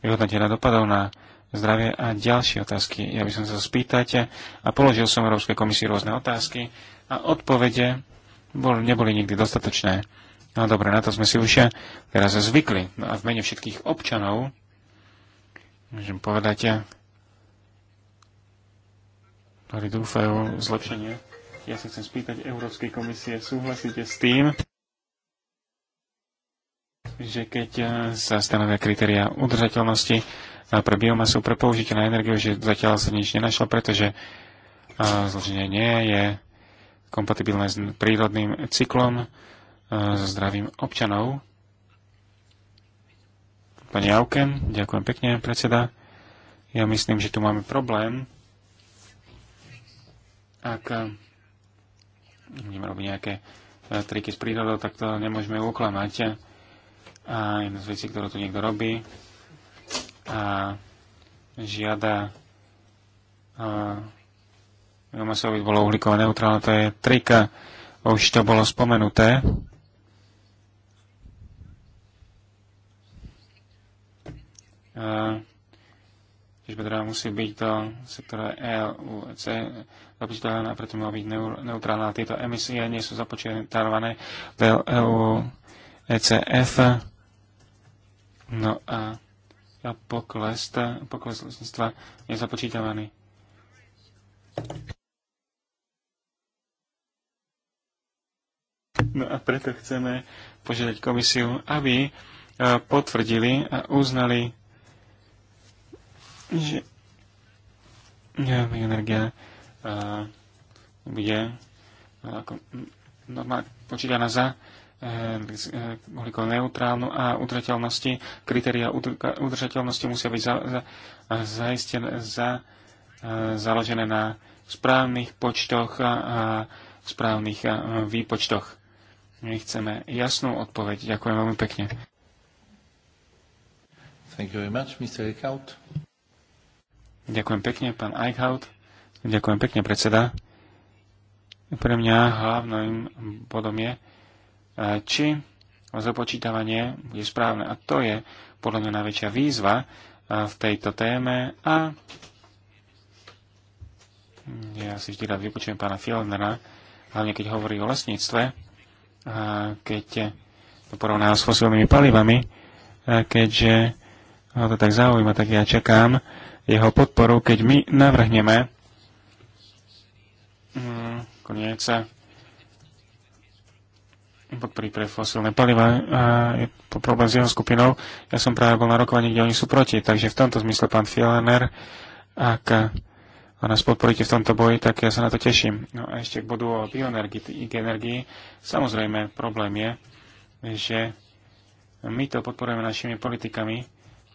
vyhodnotenia dopadov na zdravie a ďalšie otázky. Ja by som sa spýtať a položil som Európskej komisii rôzne otázky a odpovede bol, neboli nikdy dostatočné. No dobre, na to sme si už teraz zvykli. No a v mene všetkých občanov môžem povedať, ktorí dúfajú zlepšenie. Ja sa chcem spýtať Európskej komisie, súhlasíte s tým, že keď eh, sa stanovia kritéria udržateľnosti pre biomasu, pre použitie na energiu, že zatiaľ sa nič nenašlo, pretože eh, zloženie nie je kompatibilné s prírodným cyklom, eh, so zdravím občanov. Pani Auken, ďakujem pekne, predseda. Ja myslím, že tu máme problém ak eh, budeme robiť nejaké eh, triky s prírodou, tak to nemôžeme uklamať. A jedna z vecí, ktorú tu niekto robí, a žiada biomasový eh, bolo uhlíkové neutrálne, to je trika, už to bolo spomenuté. A, Čiže teda musí byť do sektora EUC započítaná, preto má byť neutrálna. Tieto emisie nie sú započítané do EUECF. No a a pokles, pokles lesníctva je započítavaný. No a preto chceme požiadať komisiu, aby e, potvrdili a uznali Mm. že energia uh, bude no, ako mm, normálne počítaná za eh, eh, uhlíkovo neutrálnu a udržateľnosti, kritéria udržateľnosti musia byť za, za, zaistené, za, eh, založené na správnych počtoch a, a správnych a, a výpočtoch. My chceme jasnú odpoveď. Ďakujem veľmi pekne. Thank you very much, Mr. Eckhout. Ďakujem pekne, pán Eichhout. Ďakujem pekne, predseda. Pre mňa hlavným bodom je, eh, či započítavanie je správne. A to je podľa mňa najväčšia výzva eh, v tejto téme a ja si vždy rád vypočujem pána Fielnera, hlavne keď hovorí o lesníctve, a keď to porovná s fosilnými palivami, eh, keďže ho to tak zaujíma, tak ja čakám jeho podporu, keď my navrhneme mm, koniec podpory pre fosilné paliva a je po problém s jeho skupinou. Ja som práve bol na rokovaní, kde oni sú proti, takže v tomto zmysle pán Fielner, ak a nás podporíte v tomto boji, tak ja sa na to teším. No a ešte k bodu o bioenergii, k energii. Samozrejme, problém je, že my to podporujeme našimi politikami,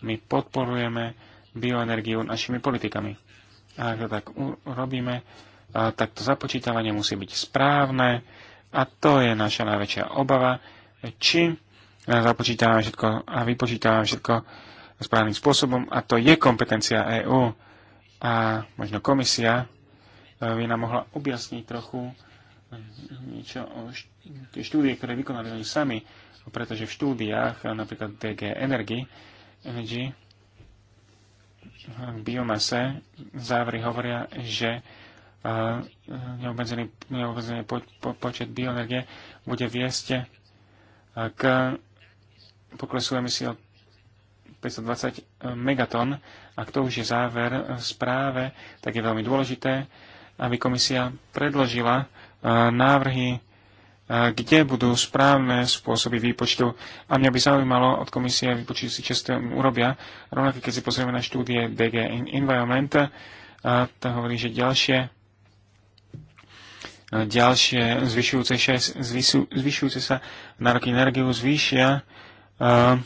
my podporujeme bioenergiu našimi politikami. A ak to tak robíme, tak to započítavanie musí byť správne a to je naša najväčšia obava, či započítavame všetko a vypočítavame všetko správnym spôsobom a to je kompetencia EÚ a možno komisia e, by nám mohla objasniť trochu e, niečo o tie štúdie, ktoré vykonali oni sami, pretože v štúdiách, napríklad DG Energy, Energy biomase závery hovoria, že eh, neobmedzený, neobmedzený po, po, počet bioenergie bude viesť eh, k poklesu emisie o 520 eh, megaton. Ak to už je záver v správe, tak je veľmi dôležité, aby komisia predložila návrhy kde budú správne spôsoby výpočtu. A mňa by zaujímalo od komisie vypočty si často urobia. Rovnako keď si pozrieme na štúdie DG Environment, to hovorí, že ďalšie ďalšie zvyšujúce, še, zvyšu, zvyšujúce sa nároky energiu zvýšia uh,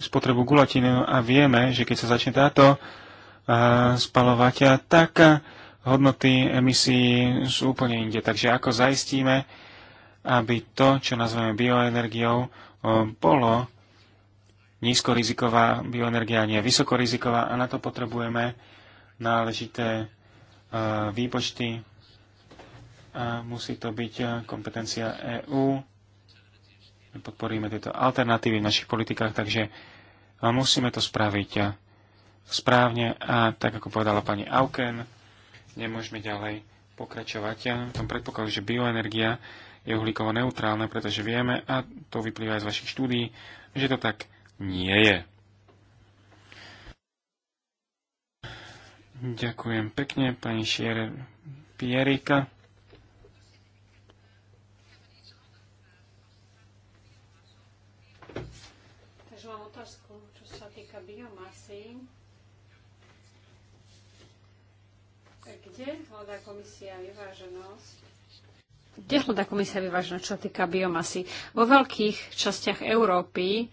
spotrebu gulatiny a vieme, že keď sa začne táto uh, spalovať, tak hodnoty emisí sú úplne inde. Takže ako zaistíme, aby to, čo nazveme bioenergiou, bolo nízkoriziková bioenergia, nie vysokoriziková a na to potrebujeme náležité e, výpočty. A musí to byť e, kompetencia EÚ. Podporíme tieto alternatívy v našich politikách, takže e, musíme to spraviť správne a tak, ako povedala pani Auken, nemôžeme ďalej pokračovať. v tom predpokladu, že bioenergia je uhlíkovo neutrálne, pretože vieme, a to vyplýva aj z vašich štúdií, že to tak nie je. Ďakujem pekne, pani Šiere Pierika. Takže mám otázku, čo sa týka biomasy. Kde hľadá komisia vyváženosť kde hľadá komisia vyvážna, čo týka biomasy. Vo veľkých častiach Európy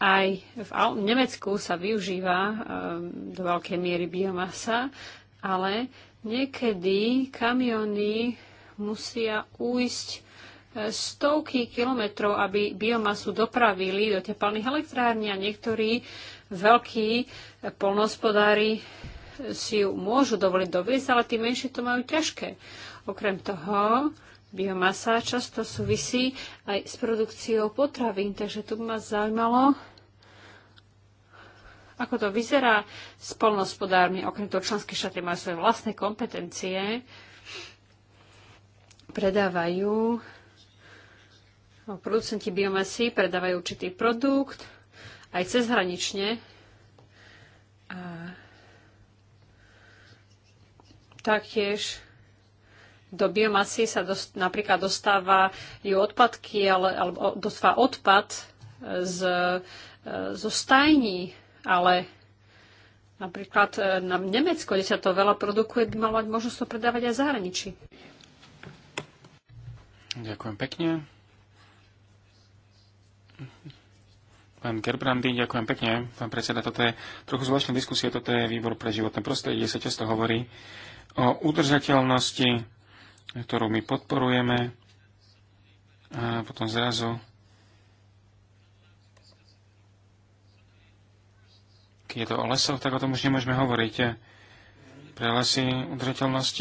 aj v Nemecku sa využíva um, do veľkej miery biomasa, ale niekedy kamiony musia ujsť e, stovky kilometrov, aby biomasu dopravili do tepelných elektrární a niektorí veľkí e, polnospodári e, si ju môžu dovoliť doviesť, ale tí menšie to majú ťažké. Okrem toho, biomasa často súvisí aj s produkciou potravín, takže tu by ma zaujímalo, ako to vyzerá s polnospodármi. Okrem toho členské štáty majú svoje vlastné kompetencie, predávajú, no, producenti biomasy predávajú určitý produkt, aj cezhranične. A taktiež do biomasy sa dost, napríklad dostáva ju odpadky, ale, alebo dostáva odpad z, e, zo stajní, ale napríklad e, na Nemecko, kde sa to veľa produkuje, by malo mať možnosť to predávať aj v zahraničí. Ďakujem pekne. Pán Gerbrandy, ďakujem pekne. Pán predseda, toto je trochu zvláštna diskusia, toto je výbor pre životné prostredie, kde sa často hovorí o udržateľnosti ktorú my podporujeme a potom zrazu keď je to o lesoch, tak o tom už nemôžeme hovoriť. Pre lesy udržateľnosť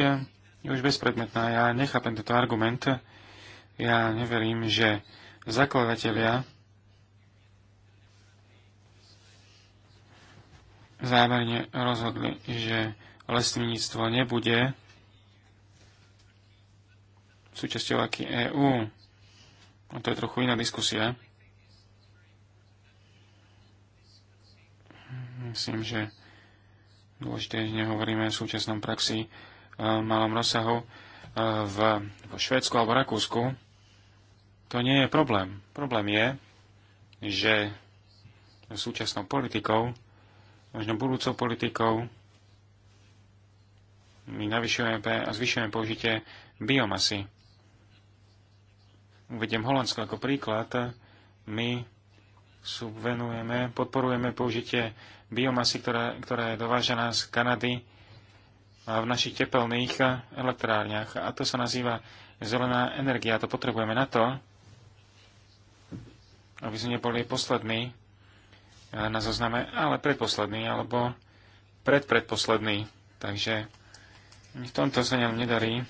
je už bezpredmetná. Ja nechápem tento argument. Ja neverím, že zakladatelia zámerne rozhodli, že lesníctvo nebude súčasťou aký EÚ. A to je trochu iná diskusia. Myslím, že dôležité, že nehovoríme o súčasnom praxi v e, malom rozsahu e, v, v Švedsku alebo Rakúsku. To nie je problém. Problém je, že súčasnou politikou, možno budúcou politikou, my navyšujeme a zvyšujeme použitie biomasy. Uvediem Holandsko ako príklad. My subvenujeme, podporujeme použitie biomasy, ktorá, ktorá je dovážená z Kanady v našich tepelných elektrárniach. A to sa nazýva zelená energia. A to potrebujeme na to, aby sme neboli poslední eh, na zozname, ale predposledný alebo predpredposledný. Takže v tomto sa nám nedarí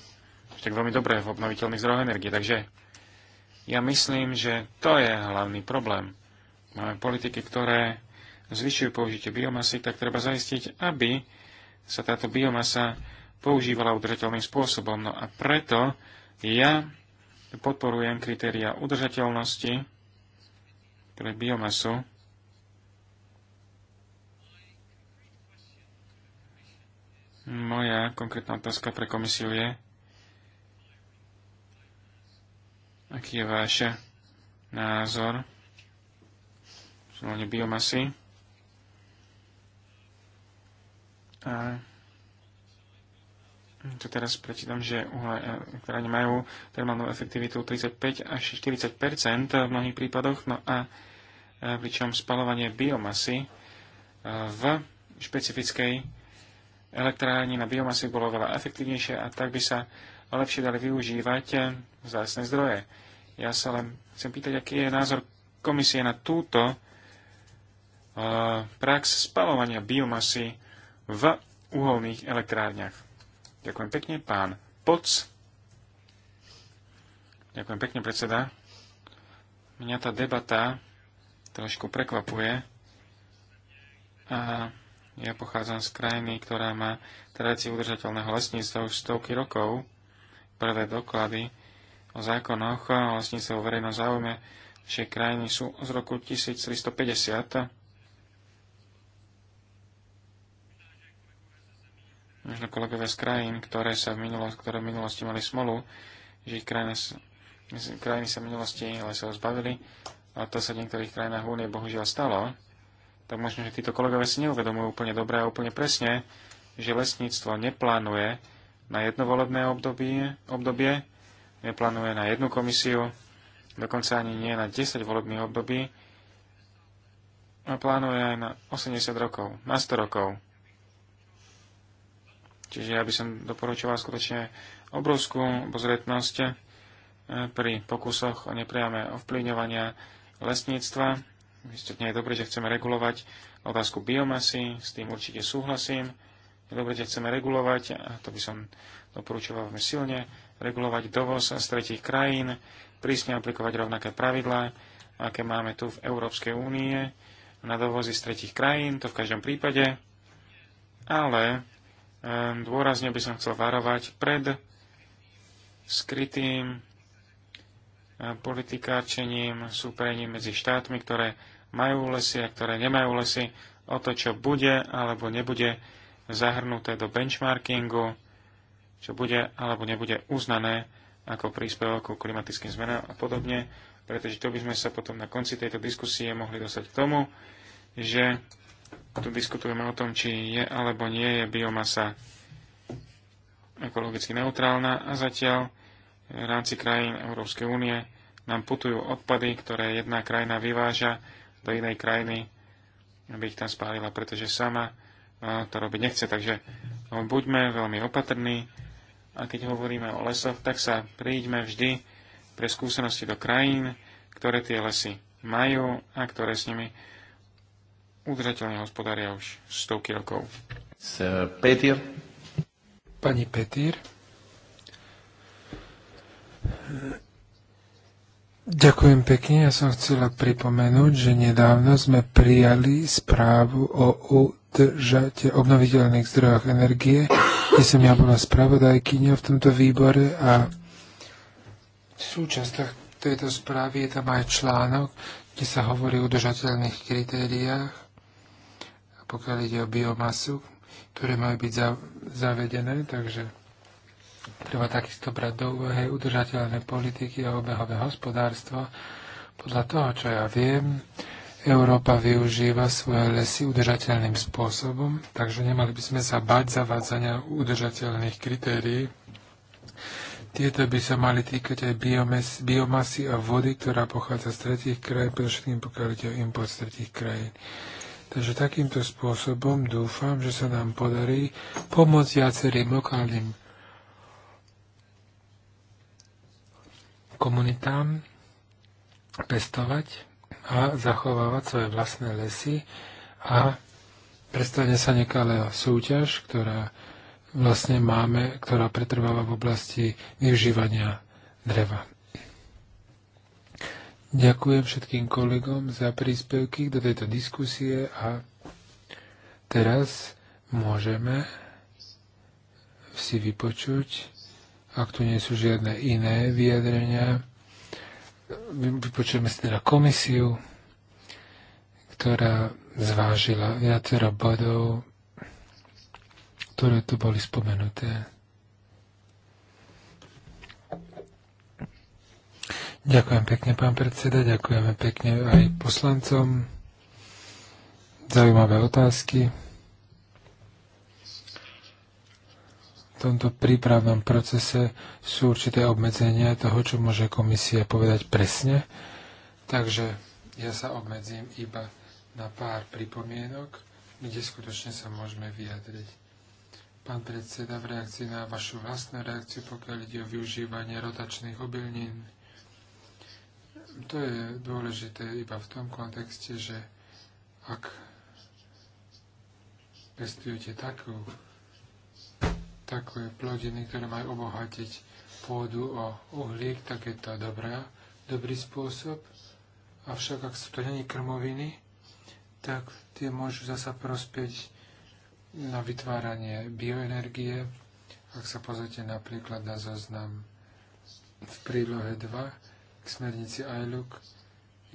tak veľmi dobré v obnoviteľných zdrojoch energie. Takže ja myslím, že to je hlavný problém. Máme politiky, ktoré zvyšujú použitie biomasy, tak treba zaistiť, aby sa táto biomasa používala udržateľným spôsobom. No a preto ja podporujem kritéria udržateľnosti pre biomasu. Moja konkrétna otázka pre komisiu je, Aký je váš názor zvolenie biomasy? A to teraz prečítam, že uhle, e, ktoré majú termálnu efektivitu 35 až 40 v mnohých prípadoch, no a e, pričom spalovanie biomasy e, v špecifickej elektrárni na biomasy bolo veľa efektívnejšie a tak by sa a lepšie dali využívať eh, vzácne zdroje. Ja sa len chcem pýtať, aký je názor komisie na túto eh, prax spalovania biomasy v uholných elektrárniach. Ďakujem pekne, pán Poc. Ďakujem pekne, predseda. Mňa tá debata trošku prekvapuje. A ja pochádzam z krajiny, ktorá má tradíciu udržateľného lesníctva už stovky rokov prvé doklady o zákonoch o vlastníctve o verejnom záujme všej krajiny sú z roku 1350. Možno kolegovia z krajín, ktoré, sa v minulosti, ktoré v minulosti mali smolu, že ich krajiny, krajiny sa v minulosti sa zbavili, a to sa v niektorých krajinách únie bohužiaľ stalo, tak možno, že títo kolegovia si neuvedomujú úplne dobre a úplne presne, že lesníctvo neplánuje na jedno volebné obdobie, obdobie, neplánuje na jednu komisiu, dokonca ani nie na 10 volebných období, a plánuje aj na 80 rokov, na 100 rokov. Čiže ja by som doporučoval skutočne obrovskú pozretnosť eh, pri pokusoch o nepriame ovplyvňovania lesníctva. Istotne je dobré, že chceme regulovať otázku biomasy, s tým určite súhlasím. Dobre, chceme regulovať, a to by som doporučoval veľmi silne, regulovať dovoz z tretich krajín, prísne aplikovať rovnaké pravidlá, aké máme tu v Európskej únie na dovozy z tretich krajín, to v každom prípade. Ale dôrazne by som chcel varovať pred skrytým politikárčením, súperením medzi štátmi, ktoré majú lesy a ktoré nemajú lesy, o to, čo bude alebo nebude zahrnuté do benchmarkingu, čo bude alebo nebude uznané ako príspevok ku klimatickým zmenám a podobne, pretože to by sme sa potom na konci tejto diskusie mohli dostať k tomu, že tu diskutujeme o tom, či je alebo nie je biomasa ekologicky neutrálna a zatiaľ v rámci krajín Európskej únie nám putujú odpady, ktoré jedna krajina vyváža do inej krajiny, aby ich tam spálila, pretože sama to robiť nechce. Takže no, buďme veľmi opatrní a keď hovoríme o lesoch, tak sa príďme vždy pre skúsenosti do krajín, ktoré tie lesy majú a ktoré s nimi udržateľne hospodária už stovky rokov. Eh, Petir. Pani Petir. Ďakujem pekne. Ja som chcela pripomenúť, že nedávno sme prijali správu o udržate obnoviteľných zdrojoch energie, kde som ja bola spravodajkynia v tomto výbore a v súčasťach tejto správy je tam aj článok, kde sa hovorí o udržateľných kritériách, pokiaľ ide o biomasu, ktoré majú byť zavedené, takže Treba takisto brať do úvahy udržateľné politiky a obehové hospodárstvo. Podľa toho, čo ja viem, Európa využíva svoje lesy udržateľným spôsobom, takže nemali by sme sa bať zavádzania udržateľných kritérií. Tieto by sa mali týkať aj biomes, biomasy a vody, ktorá pochádza z tretích krajín, predovšetkým pokiaľ ide o import z tretích krajín. Takže takýmto spôsobom dúfam, že sa nám podarí pomôcť viacerým lokálnym komunitám pestovať a zachovávať svoje vlastné lesy a prestane sa nekalá súťaž, ktorá vlastne máme, ktorá pretrváva v oblasti využívania dreva. Ďakujem všetkým kolegom za príspevky do tejto diskusie a teraz môžeme si vypočuť ak tu nie sú žiadne iné vyjadrenia, vypočujeme si teda komisiu, ktorá zvážila viacero bodov, ktoré tu boli spomenuté. Ďakujem pekne, pán predseda, ďakujeme pekne aj poslancom. Zaujímavé otázky. tomto prípravnom procese sú určité obmedzenia toho, čo môže komisia povedať presne. Takže ja sa obmedzím iba na pár pripomienok, kde skutočne sa môžeme vyjadriť. Pán predseda, v reakcii na vašu vlastnú reakciu, pokiaľ ide o využívanie rotačných obilnín, to je dôležité iba v tom kontexte, že ak pestujete takú také plodiny, ktoré majú obohatiť pôdu o uhlík, tak je to dobrá, dobrý spôsob. Avšak ak sú to není krmoviny, tak tie môžu zasa prospieť na vytváranie bioenergie. Ak sa pozrite napríklad na zoznam v prílohe 2 k smernici ILUK,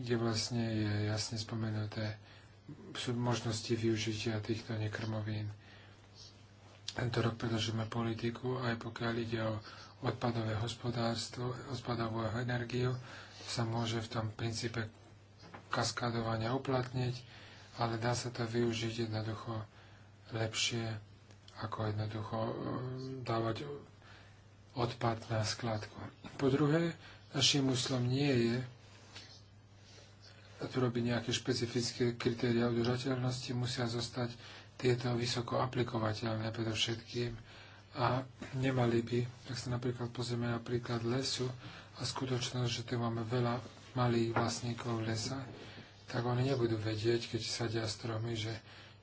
kde vlastne je jasne spomenuté sú možnosti využitia týchto nekrmovín. Tento rok predložíme politiku, aj pokiaľ ide o odpadové hospodárstvo, odpadovú energiu, sa môže v tom princípe kaskadovania uplatniť, ale dá sa to využiť jednoducho lepšie, ako jednoducho e, dávať odpad na skladku. Po druhé, našim úslom nie je tu robiť nejaké špecifické kritéria udržateľnosti, musia zostať tieto vysoko aplikovateľné predovšetkým a nemali by, ak sa napríklad pozrieme na príklad lesu a skutočnosť, že tu máme veľa malých vlastníkov lesa, tak oni nebudú vedieť, keď sadia stromy, že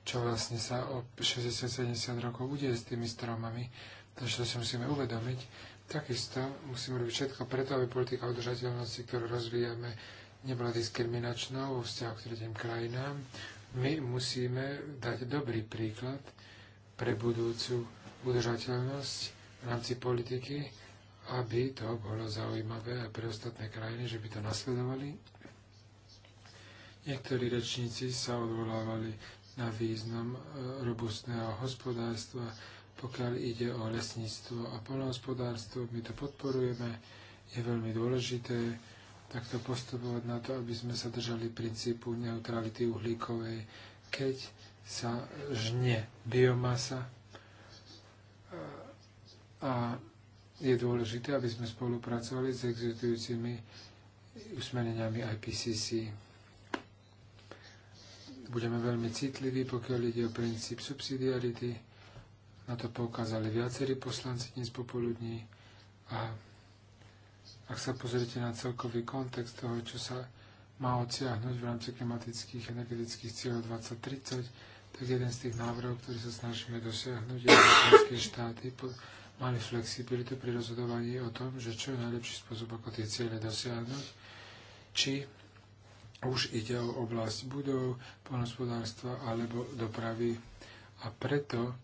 čo vlastne sa o 60-70 rokov bude s tými stromami. Takže to si musíme uvedomiť. Takisto musíme robiť všetko preto, aby politika udržateľnosti, ktorú rozvíjame, nebola diskriminačnou vo vzťahu k tretím krajinám, my musíme dať dobrý príklad pre budúcu udržateľnosť v rámci politiky, aby to bolo zaujímavé aj pre ostatné krajiny, že by to nasledovali. Niektorí rečníci sa odvolávali na význam e, robustného hospodárstva, pokiaľ ide o lesníctvo a polnohospodárstvo. My to podporujeme, je veľmi dôležité takto postupovať na to, aby sme sa držali princípu neutrality uhlíkovej, keď sa žne biomasa a je dôležité, aby sme spolupracovali s existujúcimi usmereniami IPCC. Budeme veľmi citliví, pokiaľ ide o princíp subsidiarity. Na to poukázali viacerí poslanci dnes popoludní a ak sa pozriete na celkový kontext toho, čo sa má odsiahnuť v rámci klimatických energetických cieľov 2030, tak jeden z tých návrhov, ktorý sa snažíme dosiahnuť, je, že členské štáty mali flexibilitu pri rozhodovaní o tom, že čo je najlepší spôsob, ako tie ciele dosiahnuť, či už ide o oblasť budov, poľnohospodárstva alebo dopravy. A preto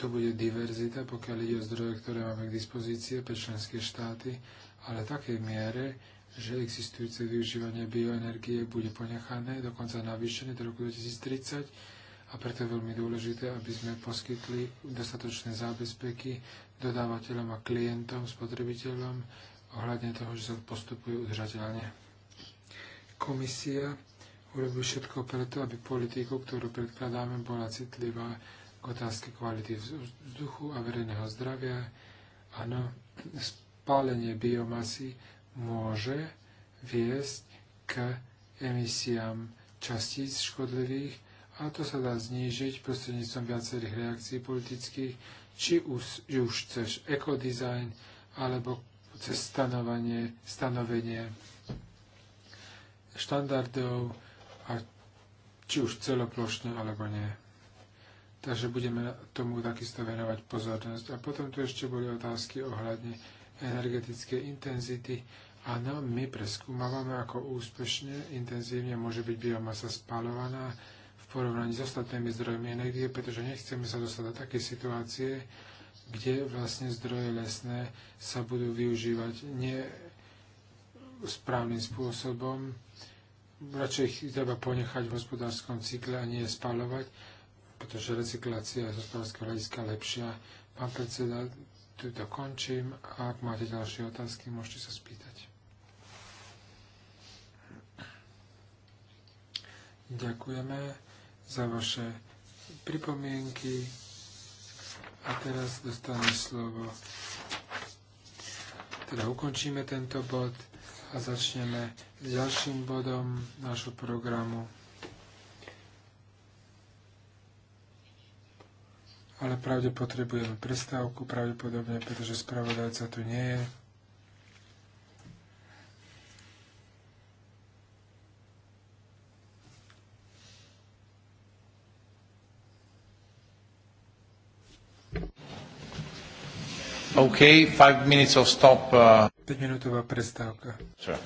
tu bude diverzita, pokiaľ ide o zdroje, ktoré máme k dispozícii pre členské štáty, ale v takej miere, že existujúce využívanie bioenergie bude ponechané, dokonca navýšené do roku 2030 a preto je veľmi dôležité, aby sme poskytli dostatočné zábezpeky dodávateľom a klientom, spotrebiteľom ohľadne toho, že sa postupuje udržateľne. Komisia urobí všetko preto, aby politiku, ktorú predkladáme, bola citlivá otázky kvality vzduchu a verejného zdravia. Áno, spálenie biomasy môže viesť k emisiám častíc škodlivých a to sa dá znížiť prostredníctvom viacerých reakcií politických, či už, už cez ekodizajn alebo cez stanovanie, stanovenie štandardov, a či už celoplošne alebo nie takže budeme tomu takisto venovať pozornosť. A potom tu ešte boli otázky ohľadne energetickej intenzity. Áno, my preskúmavame, ako úspešne, intenzívne môže byť biomasa spalovaná v porovnaní s ostatnými zdrojmi energie, pretože nechceme sa dostať do takej situácie, kde vlastne zdroje lesné sa budú využívať nie správnym spôsobom, radšej ich treba ponechať v hospodárskom cykle a nie spalovať pretože recyklácia je z hospodárskeho hľadiska lepšia. Pán predseda, tu dokončím a ak máte ďalšie otázky, môžete sa spýtať. Ďakujeme za vaše pripomienky a teraz dostane slovo. Teda ukončíme tento bod a začneme s ďalším bodom nášho programu. ale pravde potrebujeme prestávku, pravdepodobne, pretože spravodajca tu nie je. OK, 5 minutes of stop. Uh... 5 minútová prestávka. Sure.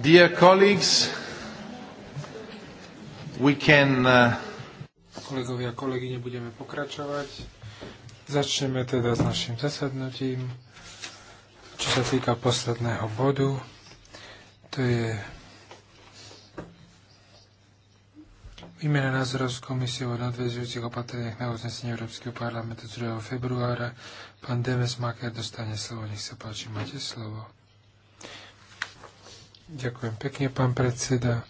Dear colleagues, we can... Uh, Kolegovia kolegy, nebudeme pokračovať. Začneme teda s našim zasadnutím. Čo sa týka posledného bodu, to je Výmena názorov s komisiou o nadväzujúcich opatreniach na uznesenie Európskeho parlamentu 2. februára. Pán Demes Maker dostane slovo. Nech sa páči, máte slovo. Ďakujem pekne, pán predseda.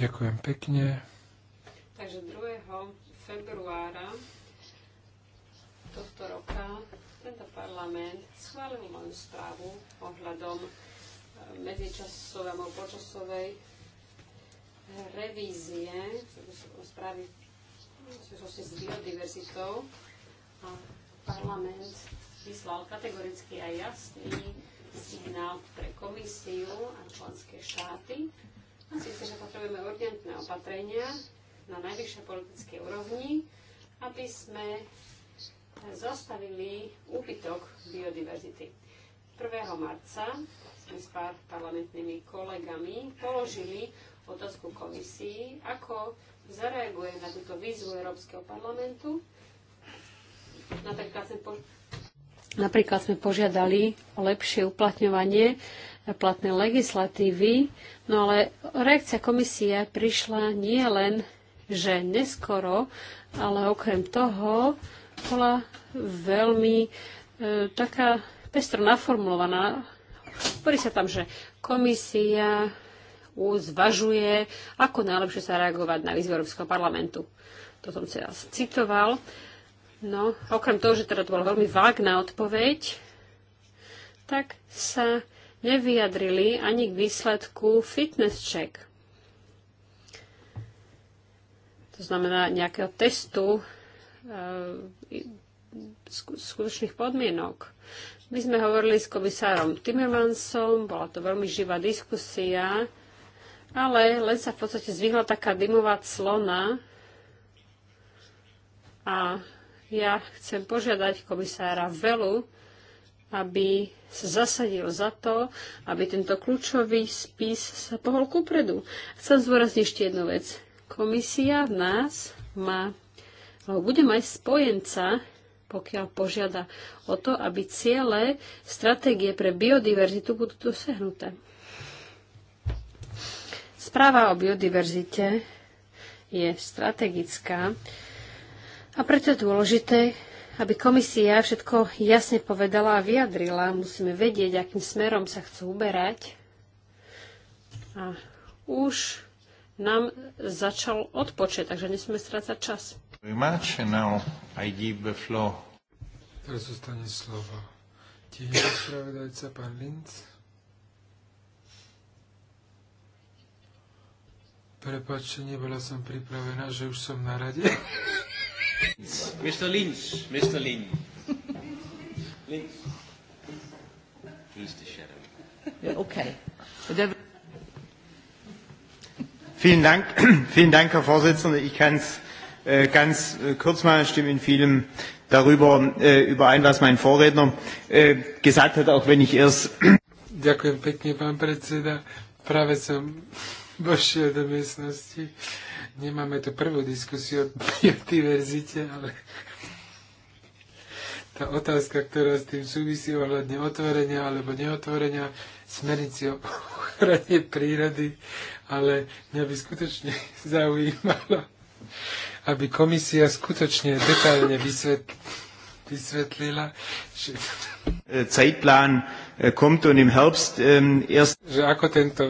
Ďakujem pekne. Takže 2. februára tohto roka tento parlament schválil moju správu ohľadom eh, medzičasovej alebo počasovej revízie správy v súvislosti s biodiverzitou a parlament vyslal kategoricky a jasný signál pre komisiu a členské štáty. A síce, že potrebujeme urgentné opatrenia na najvyššej politickej úrovni, aby sme zastavili úbytok biodiverzity. 1. marca sme s pár parlamentnými kolegami položili otázku komisii, ako zareaguje na túto výzvu Európskeho parlamentu. Napríklad sme Napríklad sme požiadali o lepšie uplatňovanie platnej legislatívy, no ale reakcia komisie prišla nie len, že neskoro, ale okrem toho bola veľmi e, taká pestro naformulovaná. Hovorí sa tam, že komisia zvažuje, ako najlepšie sa reagovať na výzvy Európskeho parlamentu. To som sa citoval. No, okrem toho, že teda to bola veľmi vágná odpoveď, tak sa nevyjadrili ani k výsledku fitness check. To znamená nejakého testu e, skutočných podmienok. My sme hovorili s komisárom Timmermansom, bola to veľmi živá diskusia, ale len sa v podstate zvyhla taká dymová clona a ja chcem požiadať komisára Velu, aby sa zasadil za to, aby tento kľúčový spis sa pohol kupredu. Chcem zvorazniť ešte jednu vec. Komisia v nás má, alebo bude mať spojenca, pokiaľ požiada o to, aby ciele stratégie pre biodiverzitu budú dosiahnuté. Správa o biodiverzite je strategická a preto je dôležité, aby komisia všetko jasne povedala a vyjadrila. Musíme vedieť, akým smerom sa chcú uberať. A už nám začal odpočet, takže nesme strácať čas. Teraz zostane slovo. Tiež pán Linz. Prepačte, nebola som pripravená, že už som na rade. Mr. Lynch, Mr. Lynch. Lynch. He's the shadow. Yeah, okay. Vielen Dank, vielen Dank, Herr Vorsitzender. Ich kann es äh, ganz äh, kurz machen, stimme in vielem darüber äh, überein, was mein Vorredner äh, gesagt hat, auch wenn ich erst... Ďakujem pekne, pán predseda. Práve som vošiel do miestnosti nemáme tu prvú diskusiu o biodiverzite, ale tá otázka, ktorá s tým súvisí ohľadne otvorenia alebo neotvorenia smernici o ochrane prírody, ale mňa by skutočne zaujímalo, aby komisia skutočne detailne vysvetlila, že... Äh, Zeitplan äh, kommt und im Herbst ähm, erst... Že ako tento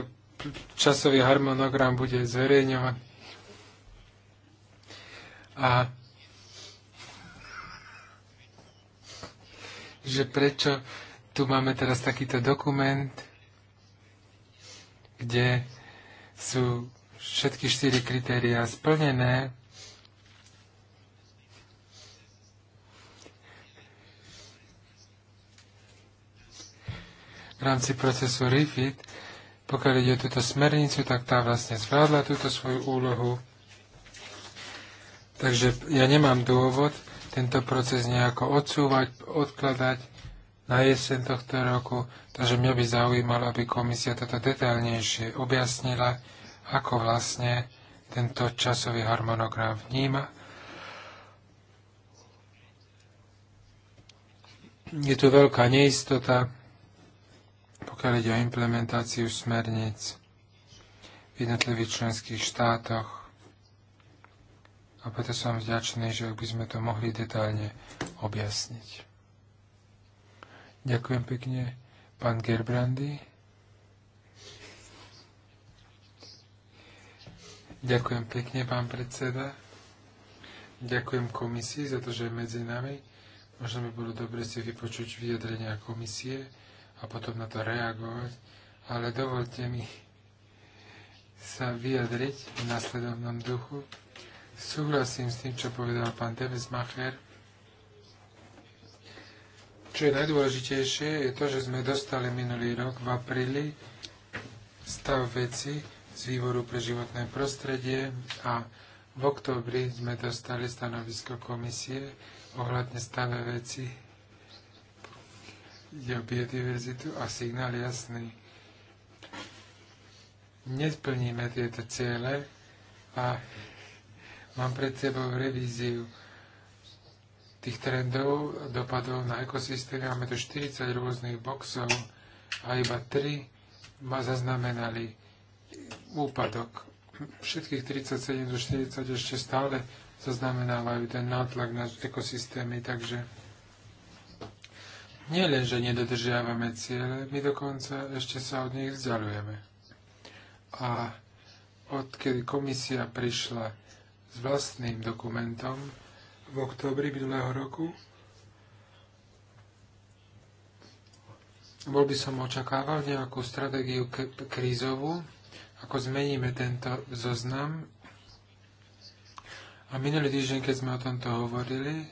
časový harmonogram bude zverejňovaný a že prečo tu máme teraz takýto dokument, kde sú všetky štyri kritériá splnené. V rámci procesu REFIT, pokiaľ ide o túto smernicu, tak tá vlastne zvládla túto svoju úlohu. Takže ja nemám dôvod tento proces nejako odsúvať, odkladať na jeseň tohto roku, takže mňa by zaujímalo, aby komisia toto detailnejšie objasnila, ako vlastne tento časový harmonogram vníma. Je tu veľká neistota, pokiaľ ide o implementáciu smerníc v jednotlivých členských štátoch a preto som vďačný, že by sme to mohli detálne objasniť. Ďakujem pekne, pán Gerbrandy. Ďakujem pekne, pán predseda. Ďakujem komisii za to, že je medzi nami. Možno by bolo dobre si vypočuť vyjadrenia komisie a potom na to reagovať, ale dovolte mi sa vyjadriť v následovnom duchu. Súhlasím s tým, čo povedal pán Macher. Čo je najdôležitejšie, je to, že sme dostali minulý rok v apríli stav veci z výboru pre životné prostredie a v oktobri sme dostali stanovisko komisie ohľadne stave veci ide o biodiverzitu a signál jasný. Nesplníme tieto ciele a Mám pred sebou revíziu tých trendov, dopadov na ekosystémy. Máme tu 40 rôznych boxov a iba 3 ma zaznamenali úpadok. Všetkých 37 zo 40 ešte stále zaznamenávajú ten nátlak na ekosystémy, takže nie len, že nedodržiavame ciele, my dokonca ešte sa od nich vzdialujeme. A odkedy komisia prišla s vlastným dokumentom v oktobri minulého roku. Bol by som očakával nejakú stratégiu krízovú, ako zmeníme tento zoznam. A minulý týždeň, keď sme o tomto hovorili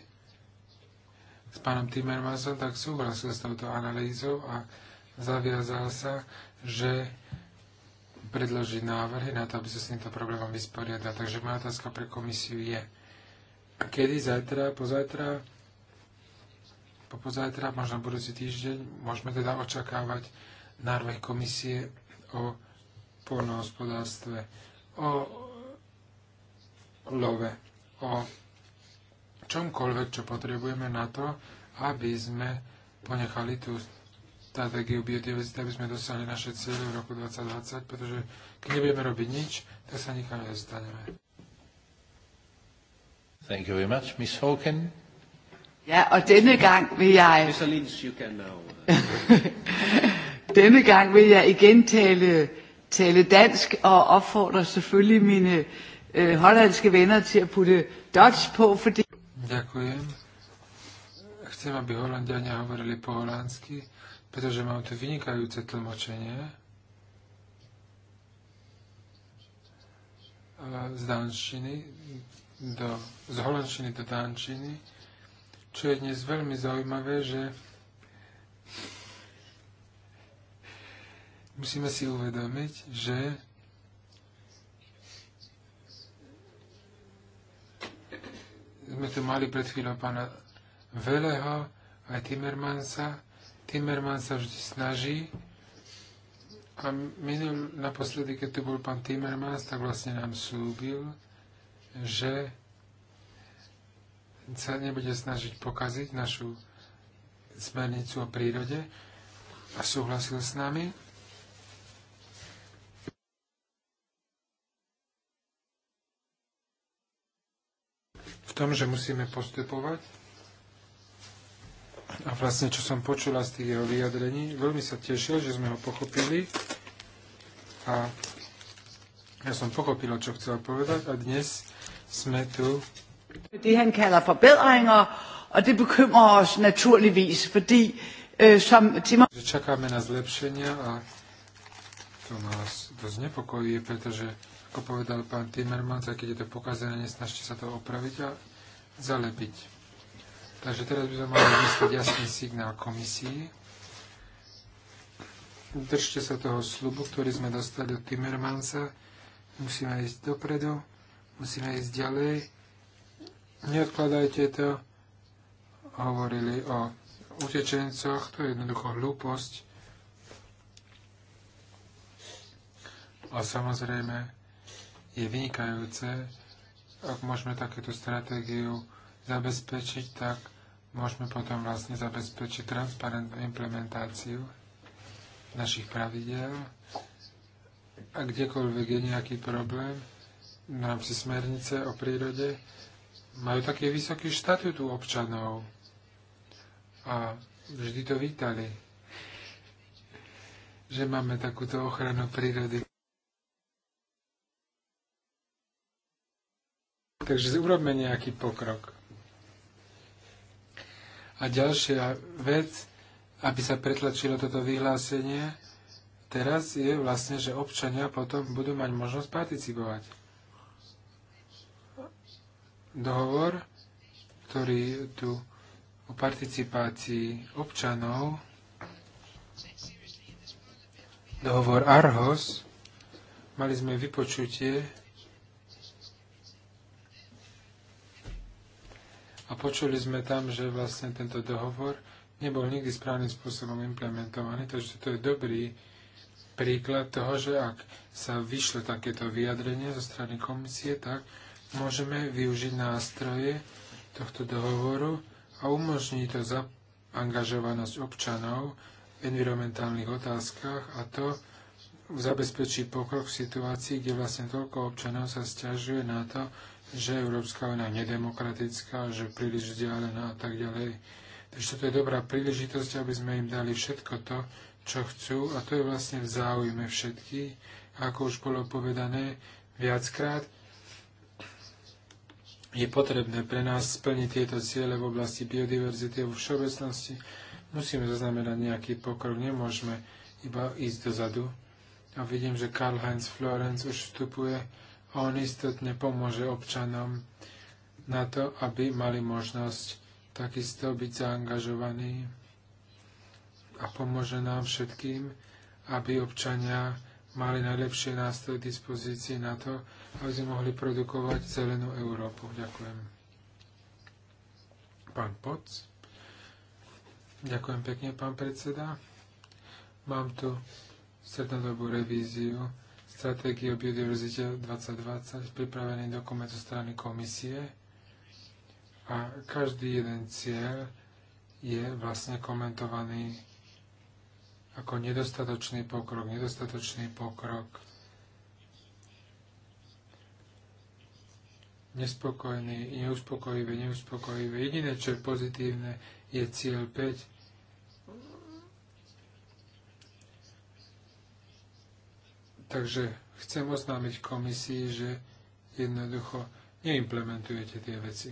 s pánom Timmermansom, tak súhlasil s touto analýzou a zaviazal sa, že predložiť návrhy na to, aby sa s týmto problémom vysporiadal. Takže moja otázka pre komisiu je, kedy zajtra, pozajtra, popozajtra, možno budúci týždeň, môžeme teda očakávať návrh komisie o polnohospodárstve, o love, o čomkoľvek, čo potrebujeme na to, aby sme ponechali tú stratégiu biodiverzity, aby sme dosiahli naše cieľe v roku 2020, pretože keď nebudeme robiť nič, tak sa nikam nedostaneme. Thank you very much. Miss Hawken? Ja, og denne gang vil jeg... Mr. Lins, you can now. Uh, denne gang vil jeg igen tale, tale dansk og opfordre selvfølgelig mine øh, hollandske venner til at putte Dutch på, fordi... Ďakujem. Chcem, aby Holandiania hovorili po holandsky, pretože mám tu vynikajúce tlmočenie z dančiny do, z holandčiny do dančiny, čo je dnes veľmi zaujímavé, že musíme si uvedomiť, že sme tu mali pred chvíľou pána Veleho, aj Timmermansa, Timerman sa vždy snaží a minul, naposledy, keď tu bol pán Timmermans, tak vlastne nám slúbil, že sa nebude snažiť pokaziť našu smernicu o prírode a súhlasil s nami. V tom, že musíme postupovať a vlastne, čo som počula z tých jeho vyjadrení, veľmi sa tešil, že sme ho pochopili a ja som pochopila, čo chcel povedať a dnes sme tu. Det han kalder forbedringer, og det bekymrer os naturligvis, fordi øh, som Že čakáme na zlepšenia a to nás dosť nepokojí, pretože, ako povedal pán Timmermans, aj keď je to pokazené, nesnažte sa to opraviť a zalepiť. Takže teraz by sme mali vyslať jasný signál komisii. Držte sa toho slubu, ktorý sme dostali od Timmermansa. Musíme ísť dopredu, musíme ísť ďalej. Neodkladajte to. Hovorili o utečencoch, to je jednoducho hlúposť. A samozrejme je vynikajúce, ak môžeme takéto stratégiu zabezpečiť, tak môžeme potom vlastne zabezpečiť transparentnú implementáciu našich pravidel a kdekoľvek je nejaký problém v rámci smernice o prírode, majú taký vysoký štatút u občanov a vždy to vítali, že máme takúto ochranu prírody. Takže urobme nejaký pokrok. A ďalšia vec, aby sa pretlačilo toto vyhlásenie, teraz je vlastne, že občania potom budú mať možnosť participovať. Dohovor, ktorý tu o participácii občanov, dohovor Arhos, mali sme vypočutie A počuli sme tam, že vlastne tento dohovor nebol nikdy správnym spôsobom implementovaný, takže to je dobrý príklad toho, že ak sa vyšlo takéto vyjadrenie zo strany komisie, tak môžeme využiť nástroje tohto dohovoru a umožní to zaangažovanosť občanov v environmentálnych otázkach a to zabezpečí pokrok v situácii, kde vlastne toľko občanov sa stiažuje na to, že Európska únia je nedemokratická, že príliš vzdialená a tak ďalej. Takže toto je dobrá príležitosť, aby sme im dali všetko to, čo chcú a to je vlastne v záujme všetkých. Ako už bolo povedané viackrát, je potrebné pre nás splniť tieto ciele v oblasti biodiverzity a vo všeobecnosti. Musíme zaznamenať nejaký pokrok, nemôžeme iba ísť dozadu. A vidím, že Karl-Heinz Florence už vstupuje a on istotne pomôže občanom na to, aby mali možnosť takisto byť zaangažovaní a pomôže nám všetkým, aby občania mali najlepšie nástroje k dispozícii na to, aby sme mohli produkovať zelenú Európu. Ďakujem. Pán Poc. Ďakujem pekne, pán predseda. Mám tu srednodobú revíziu stratégie o biodiverzite 2020, pripravený dokument zo strany komisie a každý jeden cieľ je vlastne komentovaný ako nedostatočný pokrok, nedostatočný pokrok, nespokojný, neuspokojivé, neuspokojivé. Jediné, čo je pozitívne, je cieľ 5, Takže chcem oznámiť komisii, že jednoducho neimplementujete tie veci.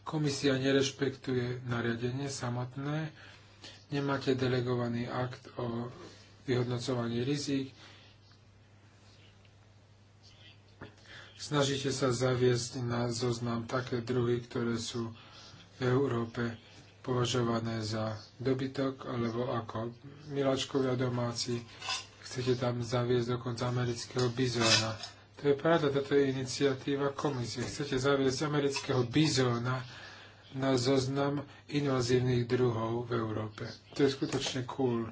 Komisia nerešpektuje nariadenie samotné, nemáte delegovaný akt o vyhodnocovaní rizik, snažíte sa zaviesť na zoznam také druhy, ktoré sú v Európe považované za dobytok, alebo ako miláčkovia domáci, chcete tam zaviesť dokonca amerického bizóna. To je pravda, toto je iniciatíva komisie. Chcete zaviesť amerického bizóna na zoznam invazívnych druhov v Európe. To je skutočne cool.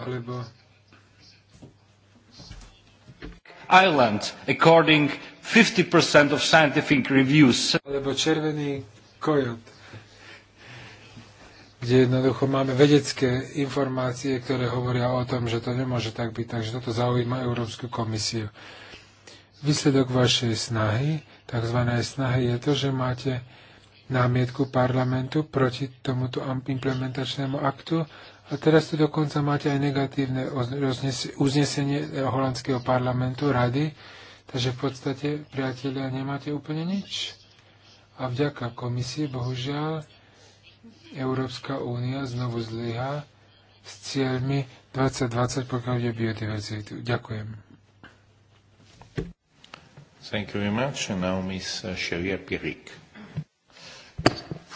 Alebo Island, according 50% of scientific reviews. Alebo červený kojot kde jednoducho máme vedecké informácie, ktoré hovoria o tom, že to nemôže tak byť, takže toto zaujíma Európsku komisiu. Výsledok vašej snahy, tzv. snahy, je to, že máte námietku parlamentu proti tomuto implementačnému aktu a teraz tu dokonca máte aj negatívne uznesenie holandského parlamentu, rady, takže v podstate, priatelia, nemáte úplne nič. A vďaka komisii, bohužiaľ, Európska únia znovu zlyhá s cieľmi 2020, pokiaľ ide biodiverzitu. Ďakujem. Thank you very much. And now Ms. Sharia Pirik.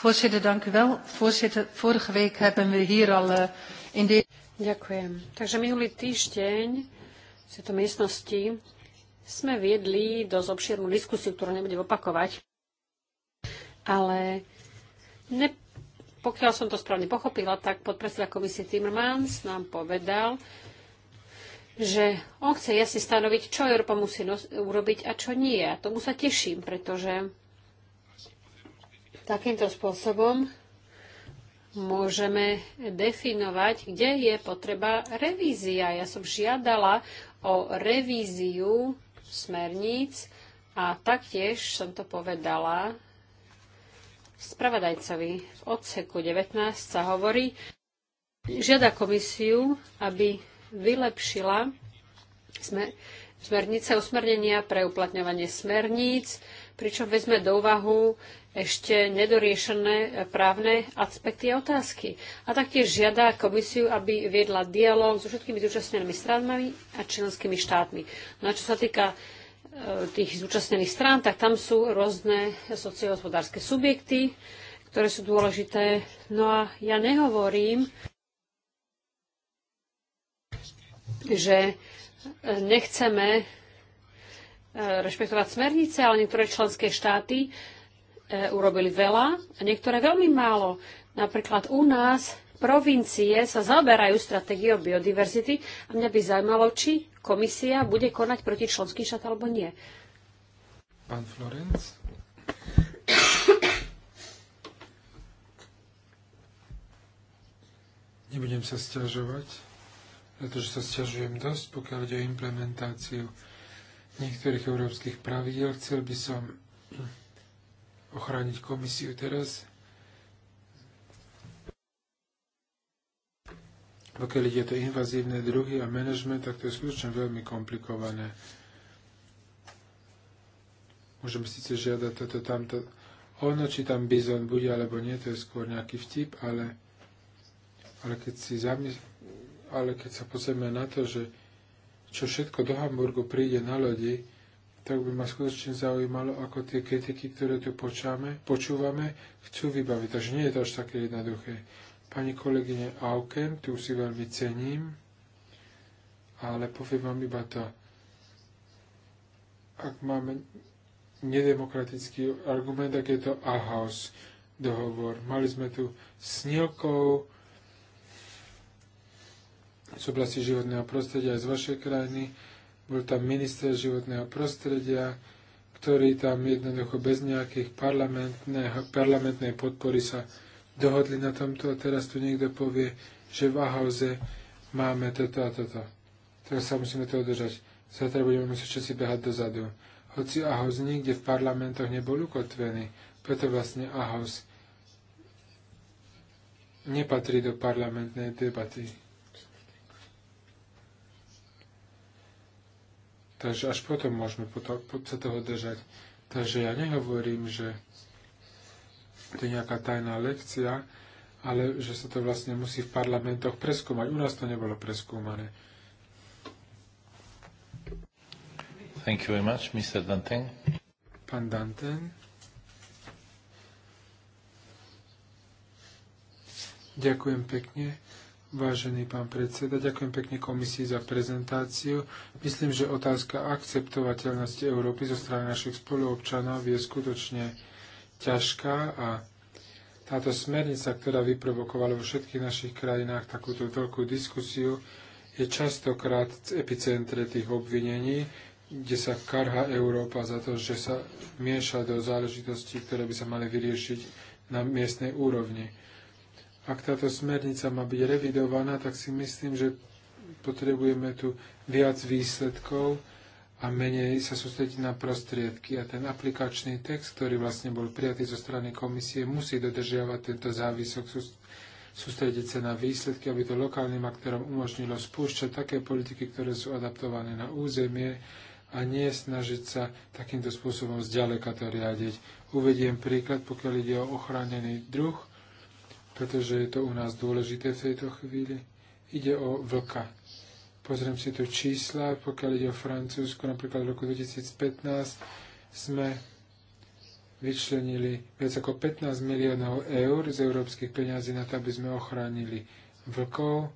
Voorzitter, dank u wel. Voorzitter, vorige week hebben we hier al uh, in de... Ďakujem. Takže minulý týždeň v tejto miestnosti sme viedli dosť obšírnu diskusiu, ktorú nebudem opakovať. Ale ne, pokiaľ som to správne pochopila, tak podpredseda komisie Timmermans nám povedal, že on chce jasne stanoviť, čo Európa musí urobiť a čo nie. A tomu sa teším, pretože takýmto spôsobom môžeme definovať, kde je potreba revízia. Ja som žiadala o revíziu smerníc a taktiež som to povedala Spravodajcovi v odseku 19 sa hovorí, žiada komisiu, aby vylepšila smer, smernice usmernenia pre uplatňovanie smerníc, pričom vezme do úvahu ešte nedoriešené právne aspekty a otázky. A taktiež žiada komisiu, aby viedla dialog so všetkými zúčastnenými stranami a členskými štátmi. No a čo sa týka E, tých zúčastnených strán, tak tam sú rôzne sociohospodárske subjekty, ktoré sú dôležité. No a ja nehovorím, že e, nechceme e, rešpektovať smernice, ale niektoré členské štáty urobili veľa a niektoré veľmi málo. Napríklad u nás provincie sa zaoberajú stratégiou biodiverzity a mňa by zaujímalo, či komisia bude konať proti členským štátom alebo nie. Pán Florenc. Nebudem sa stiažovať, pretože sa stiažujem dosť, pokiaľ ide o implementáciu niektorých európskych pravidel. Chcel by som ochrániť komisiu teraz Pokiaľ ide to invazívne druhy a manažment, tak to je skutočne veľmi komplikované. Môžem síce žiadať toto tamto. Ono, či tam bizon bude alebo nie, to je skôr nejaký vtip, ale, ale keď si zamysl, ale keď sa pozrieme na to, že čo všetko do Hamburgu príde na lodi, tak by ma skutočne zaujímalo, ako tie kritiky, ktoré tu počáme, počúvame, chcú vybaviť. Takže nie je to až také jednoduché. Pani kolegyne Auken, tu si veľmi cením, ale poviem vám iba to. Ak máme nedemokratický argument, tak je to Ahaus dohovor. Mali sme tu snielkov z oblasti životného prostredia aj z vašej krajiny. Bol tam minister životného prostredia, ktorý tam jednoducho bez nejakých parlamentnej podpory sa dohodli na tomto a teraz tu niekto povie, že v Ahauze máme toto a toto. Teraz sa musíme to držať. Zatiaľ budeme musieť všetci behať dozadu. Hoci Ahaus nikde v parlamentoch nebol ukotvený, preto vlastne Ahaus nepatrí do parlamentnej debaty. Takže až potom môžeme potom sa toho držať. Takže ja nehovorím, že to je nejaká tajná lekcia, ale že sa to vlastne musí v parlamentoch preskúmať. U nás to nebolo preskúmané. Thank you very much, Mr. Danten. Pán Danten. Ďakujem pekne, vážený pán predseda. Ďakujem pekne komisii za prezentáciu. Myslím, že otázka akceptovateľnosti Európy zo strany našich spoluobčanov je skutočne ťažká a táto smernica, ktorá vyprovokovala vo všetkých našich krajinách takúto veľkú diskusiu, je častokrát v epicentre tých obvinení, kde sa karha Európa za to, že sa mieša do záležitostí, ktoré by sa mali vyriešiť na miestnej úrovni. Ak táto smernica má byť revidovaná, tak si myslím, že potrebujeme tu viac výsledkov, a menej sa sústrediť na prostriedky. A ten aplikačný text, ktorý vlastne bol prijatý zo strany komisie, musí dodržiavať tento závisok, sústrediť sa na výsledky, aby to lokálnym aktérom umožnilo spúšťať také politiky, ktoré sú adaptované na územie a nie snažiť sa takýmto spôsobom zďaleka to riadiť. Uvediem príklad, pokiaľ ide o ochránený druh, pretože je to u nás dôležité v tejto chvíli. Ide o vlka. Pozriem si tu čísla, pokiaľ ide o Francúzsko, napríklad v roku 2015 sme vyčlenili viac ako 15 miliónov eur z európskych peňazí na to, aby sme ochránili vlkov.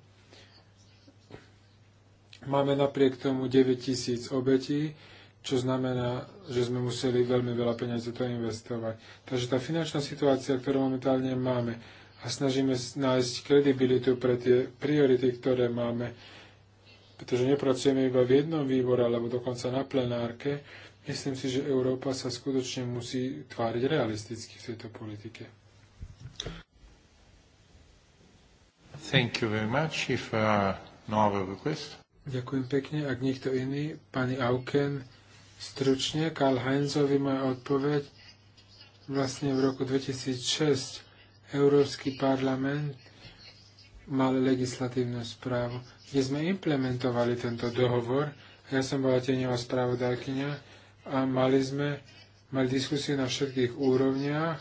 Máme napriek tomu 9 tisíc obetí, čo znamená, že sme museli veľmi veľa peňazí do toho investovať. Takže tá finančná situácia, ktorú momentálne máme a snažíme nájsť kredibilitu pre tie priority, ktoré máme, pretože nepracujeme iba v jednom výbore alebo dokonca na plenárke, myslím si, že Európa sa skutočne musí tváriť realisticky v tejto politike. Thank you very much. If, uh, no request. Ďakujem pekne. Ak niekto iný, pani Auken, stručne, Karl Heinzovi má odpoveď. Vlastne v roku 2006 Európsky parlament mal legislatívnu správu kde sme implementovali tento dohovor. Ja som bola tieňová spravodajkynia a mali sme mali diskusiu na všetkých úrovniach,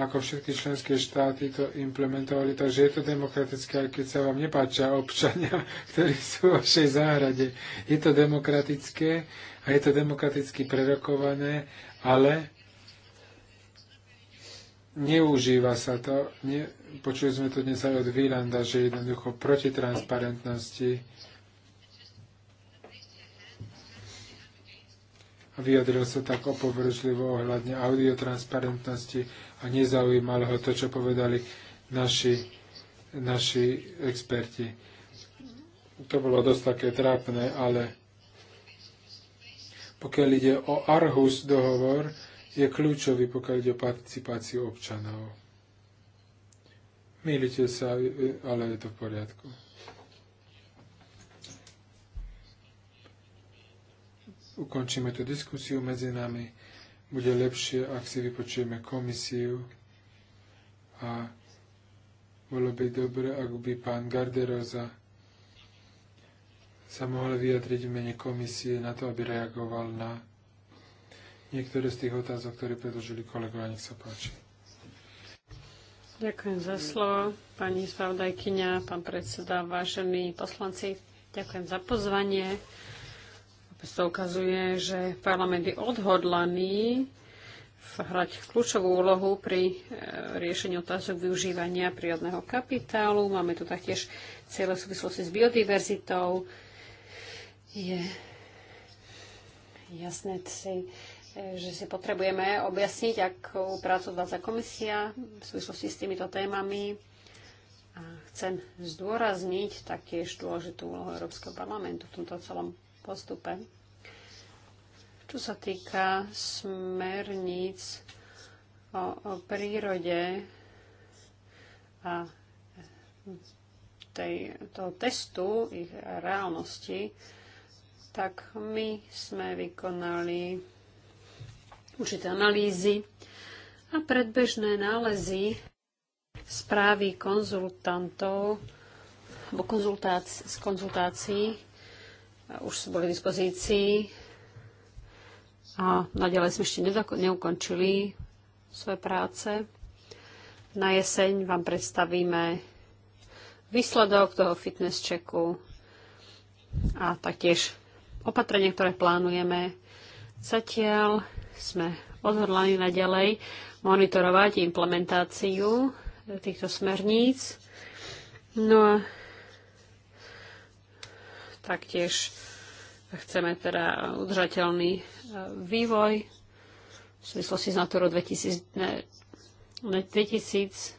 ako všetky členské štáty to implementovali. Takže je to demokratické, aj keď sa vám nepáčia občania, ktorí sú v vašej záhrade. Je to demokratické a je to demokraticky prerokované, ale neužíva sa to, ne, počuli sme to dnes aj od Výlanda, že jednoducho proti transparentnosti a vyjadril sa tak opovržlivo ohľadne audiotransparentnosti a nezaujímalo ho to, čo povedali naši, naši experti. To bolo dosť také trápne, ale pokiaľ ide o Arhus dohovor, je kľúčový, pokiaľ ide o participáciu občanov. Mýlite sa, ale je to v poriadku. Ukončíme tú diskusiu medzi nami. Bude lepšie, ak si vypočujeme komisiu a bolo by dobre, ak by pán Garderoza sa mohol vyjadriť v mene komisie na to, aby reagoval na niektoré z tých otázok, ktoré predložili kolegovia. Nech sa páči. Ďakujem za slovo, pani spravodajkyňa, pán predseda, vážení poslanci. Ďakujem za pozvanie. Opäť to ukazuje, že parlament je odhodlaný hrať kľúčovú úlohu pri e, riešení otázok využívania prírodného kapitálu. Máme tu taktiež cieľe súvislosti s biodiverzitou. Je jasné si, že si potrebujeme objasniť, akú prácu za komisia v súvislosti s týmito témami. A chcem zdôrazniť taktiež dôležitú úlohu Európskeho parlamentu v tomto celom postupe. Čo sa týka smerníc o, o prírode a tej, toho testu ich reálnosti, tak my sme vykonali určité analýzy a predbežné nálezy správy konzultantov alebo konzultáci, z konzultácií už boli v dispozícii a naďalej sme ešte neukončili svoje práce. Na jeseň vám predstavíme výsledok toho fitness checku a taktiež opatrenie, ktoré plánujeme. Zatiaľ sme odhodlani naďalej monitorovať implementáciu týchto smerníc. No a taktiež chceme teda udržateľný e, vývoj v súvislosti s Naturo 2000, 2000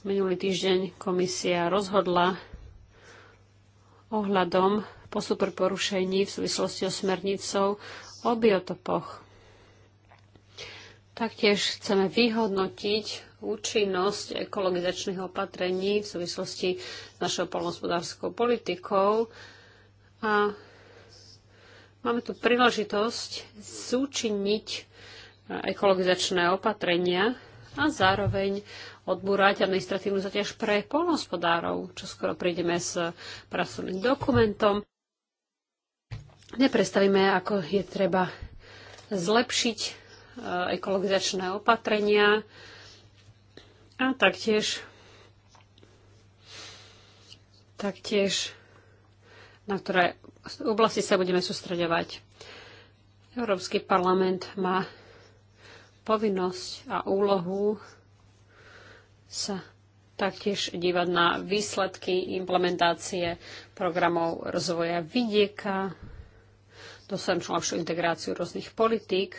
Minulý týždeň komisia rozhodla ohľadom postup porušení v súvislosti so smernicou o biotopoch. Taktiež chceme vyhodnotiť účinnosť ekologizačných opatrení v súvislosti s našou polnospodárskou politikou. A máme tu príležitosť zúčinniť ekologizačné opatrenia a zároveň odbúrať administratívnu zaťaž pre polnospodárov, čo skoro prídeme s pracovným dokumentom. Neprestavíme, ako je treba zlepšiť Eh, ekologizačné opatrenia a taktiež, taktiež na ktoré oblasti sa budeme sústredovať. Európsky parlament má povinnosť a úlohu sa taktiež dívať na výsledky implementácie programov rozvoja vidieka, dosiahnuť lepšiu integráciu rôznych politík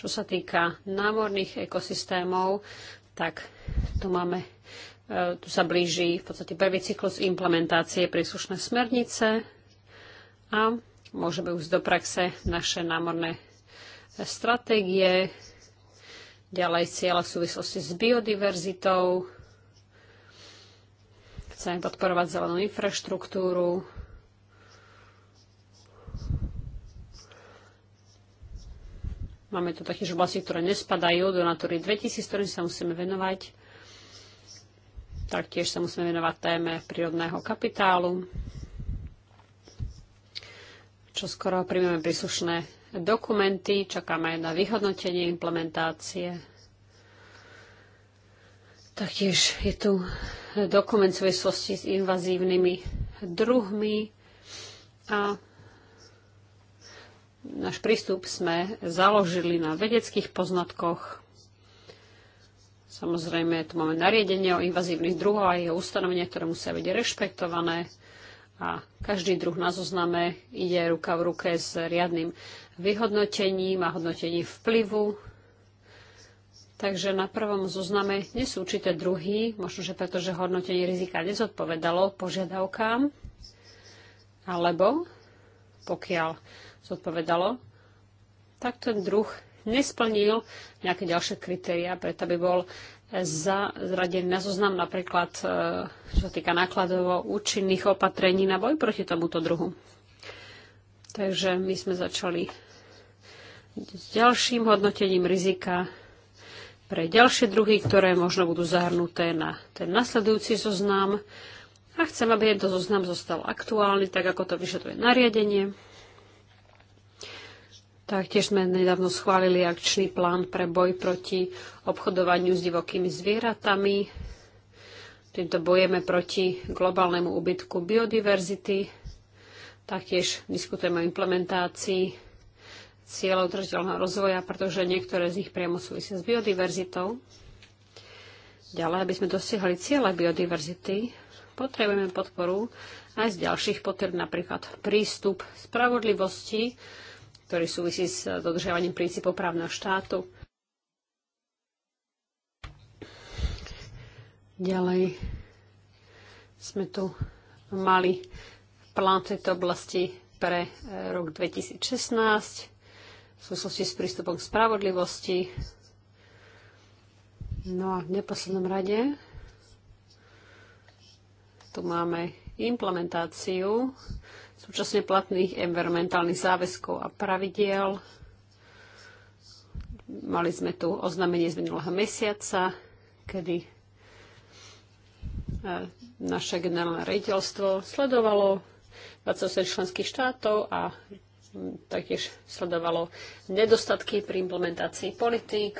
čo sa týka námorných ekosystémov, tak tu máme e, tu sa blíži v podstate prvý cyklus implementácie príslušné smernice a môžeme už do praxe naše námorné stratégie, ďalej cieľa v súvislosti s biodiverzitou, chceme podporovať zelenú infraštruktúru, Máme tu taktiež oblasti, ktoré nespadajú do Natúry 2000, ktorým sa musíme venovať. Taktiež sa musíme venovať téme prírodného kapitálu. Čo skoro príjmeme príslušné dokumenty, čakáme aj na vyhodnotenie implementácie. Taktiež je tu dokument v súvislosti s invazívnymi druhmi a náš prístup sme založili na vedeckých poznatkoch. Samozrejme, tu máme nariadenie o invazívnych druhoch a jeho ustanovenia, ktoré musia byť rešpektované. A každý druh na zozname ide ruka v ruke s riadnym vyhodnotením a hodnotením vplyvu. Takže na prvom zozname nie sú určité druhy, možno, že preto, že hodnotenie rizika nezodpovedalo požiadavkám, alebo pokiaľ zodpovedalo, tak ten druh nesplnil nejaké ďalšie kritéria, preto by bol zaradený na zoznam napríklad, e, čo sa týka nákladovo účinných opatrení na boj proti tomuto druhu. Takže my sme začali s ďalším hodnotením rizika pre ďalšie druhy, ktoré možno budú zahrnuté na ten nasledujúci zoznam. A chcem, aby tento zoznam zostal aktuálny, tak ako to vyšetuje nariadenie. Taktiež sme nedávno schválili akčný plán pre boj proti obchodovaniu s divokými zvieratami. Týmto bojeme proti globálnemu ubytku biodiverzity. Taktiež diskutujeme o implementácii cieľov držiteľného rozvoja, pretože niektoré z nich priamo súvisia s biodiverzitou. Ďalej, aby sme dosiahli cieľa biodiverzity, potrebujeme podporu aj z ďalších potreb, napríklad prístup spravodlivosti, ktorý súvisí s dodržiavaním princípov právneho štátu. Ďalej sme tu mali plán tejto oblasti pre e, rok 2016 v súvislosti s prístupom k spravodlivosti. No a v neposlednom rade tu máme implementáciu súčasne platných environmentálnych záväzkov a pravidiel. Mali sme tu oznámenie z minulého mesiaca, kedy e, naše generálne rejiteľstvo sledovalo 28 členských štátov a taktiež sledovalo nedostatky pri implementácii politík.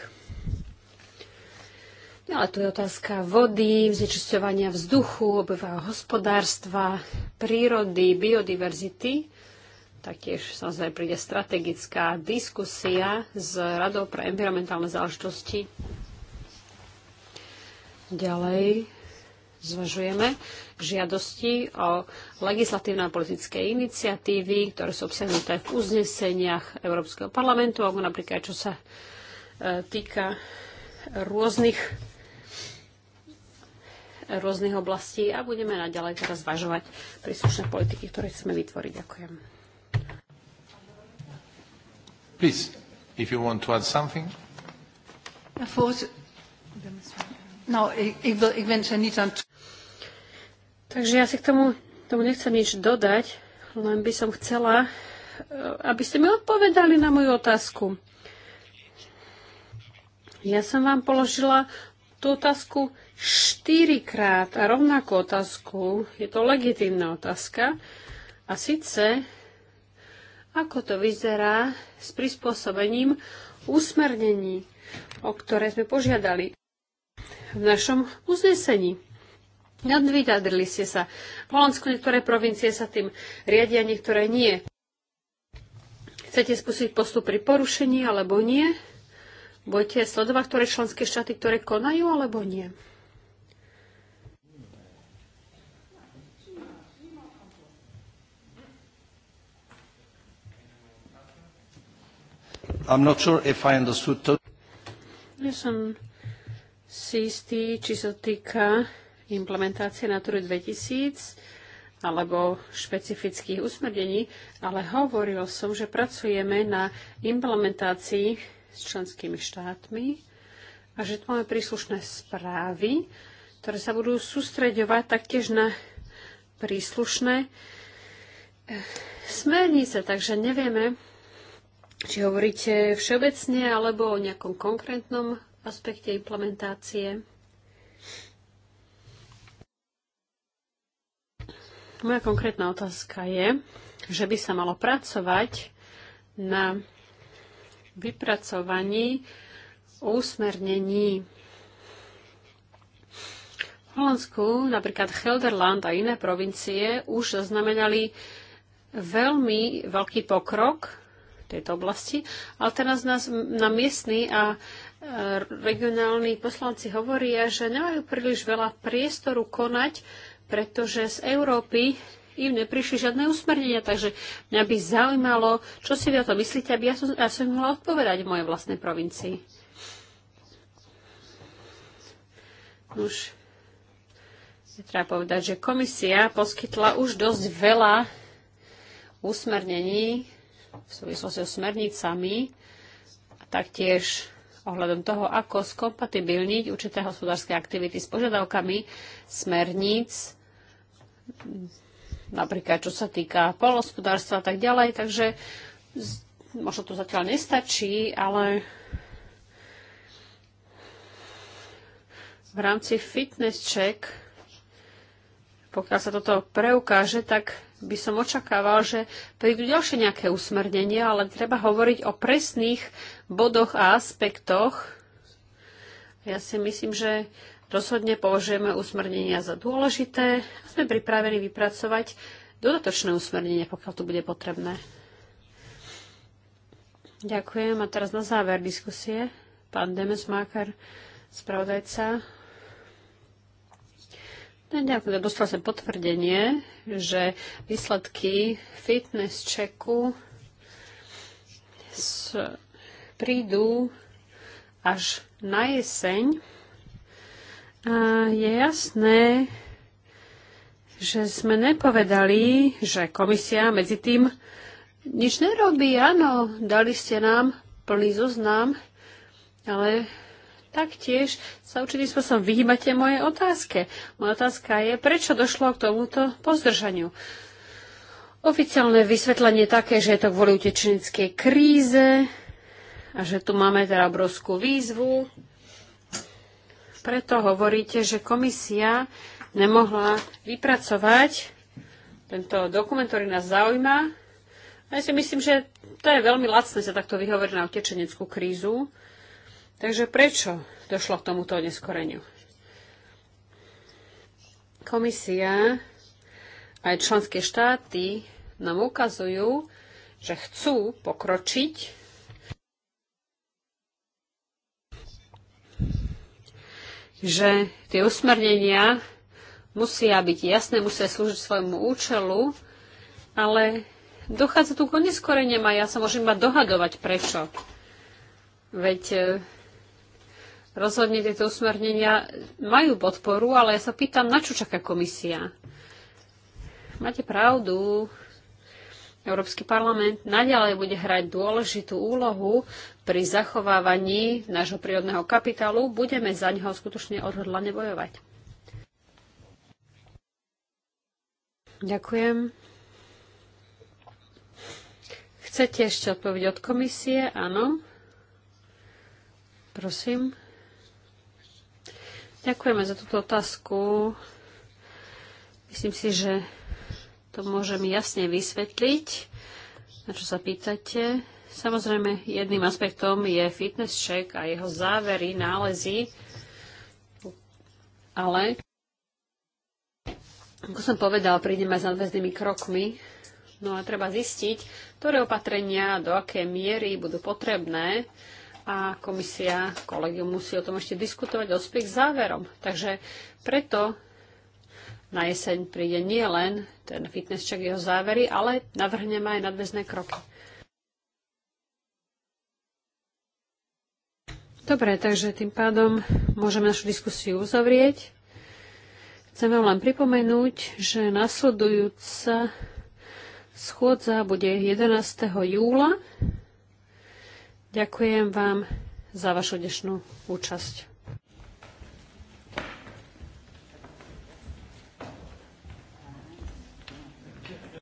No ale tu je otázka vody, znečisťovania vzduchu, obyvá hospodárstva, prírody, biodiverzity. Taktiež samozrejme príde strategická diskusia s Radou pre environmentálne záležitosti. Ďalej zvažujeme žiadosti o legislatívne a politické iniciatívy, ktoré sú obsiahnuté v uzneseniach Európskeho parlamentu, alebo napríklad čo sa e, týka rôznych rôznych oblastí a budeme naďalej teraz zvažovať príslušné politiky, ktoré chceme vytvoriť. Ďakujem. Please, if you want to add something. No, ik, wil, ik wens er niet aan Takže ja si k tomu, tomu nechcem nič dodať, len by som chcela, eh, aby ste mi odpovedali na moju otázku. Ja som vám položila tú otázku štyrikrát a rovnakú otázku. Je to legitímna otázka. A síce, ako to vyzerá s prispôsobením usmernení, o ktoré sme požiadali v našom uznesení. Nadvydadrili ste sa. V Holandsku niektoré provincie sa tým riadia, niektoré nie. Chcete spustiť postup pri porušení alebo nie? Budete sledovať, ktoré členské štáty, ktoré konajú alebo nie? Nie som si istý, či sa týka implementácie Natúry 2000 alebo špecifických usmerdení, ale hovoril som, že pracujeme na implementácii s členskými štátmi a že tu máme príslušné správy, ktoré sa budú sústreďovať taktiež na príslušné eh, smernice. Takže nevieme, či hovoríte všeobecne alebo o nejakom konkrétnom aspekte implementácie? Moja konkrétna otázka je, že by sa malo pracovať na vypracovaní úsmernení. V Holandsku napríklad Helderland a iné provincie už zaznamenali veľmi veľký pokrok tejto oblasti. Ale teraz nás, na miestni a e, regionálni poslanci hovoria, že nemajú príliš veľa priestoru konať, pretože z Európy im neprišli žiadne usmernenia, takže mňa by zaujímalo, čo si vy o to myslíte, aby ja som, ja som mohla odpovedať v mojej vlastnej provincii. Už je treba povedať, že komisia poskytla už dosť veľa usmernení v súvislosti s smernicami a taktiež ohľadom toho, ako skompatibilniť určité hospodárske aktivity s požiadavkami smerníc, napríklad čo sa týka polnospodárstva a tak ďalej. Takže možno to zatiaľ nestačí, ale v rámci fitness check, pokiaľ sa toto preukáže, tak by som očakával, že prídu ďalšie nejaké usmernenia, ale treba hovoriť o presných bodoch a aspektoch. Ja si myslím, že rozhodne považujeme usmernenia za dôležité a sme pripravení vypracovať dodatočné usmernenie, pokiaľ to bude potrebné. Ďakujem. A teraz na záver diskusie. Pán Demesmaker, spravodajca No, ďakujem, dostal som potvrdenie, že výsledky fitness checku prídu až na jeseň. A je jasné, že sme nepovedali, že komisia medzi tým nič nerobí. Áno, dali ste nám plný zoznam, ale taktiež sa určitým spôsobom vyhýbate moje otázke. Moja otázka je, prečo došlo k tomuto pozdržaniu? Oficiálne vysvetlenie také, že je to kvôli utečeneckej kríze a že tu máme teda obrovskú výzvu. Preto hovoríte, že komisia nemohla vypracovať tento dokument, ktorý nás zaujíma. A ja si myslím, že to je veľmi lacné sa takto vyhovoriť na utečeneckú krízu. Takže prečo došlo k tomuto neskoreniu? Komisia aj členské štáty nám ukazujú, že chcú pokročiť že tie usmernenia musia byť jasné, musia slúžiť svojmu účelu, ale dochádza tu k oneskoreniam a ja sa môžem iba dohadovať prečo. Veď Rozhodne tieto usmernenia majú podporu, ale ja sa pýtam, na čo čaká komisia? Máte pravdu, Európsky parlament naďalej bude hrať dôležitú úlohu pri zachovávaní nášho prírodného kapitálu. Budeme za neho skutočne odhodlane bojovať. Ďakujem. Chcete ešte odpovedť od komisie? Áno. Prosím. Ďakujeme za túto otázku. Myslím si, že to môžem jasne vysvetliť, na čo sa pýtate. Samozrejme, jedným aspektom je fitness check a jeho závery, nálezy, ale ako som povedal, prídeme s nadväznými krokmi. No a treba zistiť, ktoré opatrenia do akej miery budú potrebné a komisia, kolegium musí o tom ešte diskutovať, dospieť k záverom. Takže preto na jeseň príde nie len ten fitness check jeho závery, ale navrhneme aj nadväzné kroky. Dobre, takže tým pádom môžeme našu diskusiu uzavrieť. Chcem vám len pripomenúť, že nasledujúca schôdza bude 11. júla Ďakujem vám za vašu dnešnú účasť.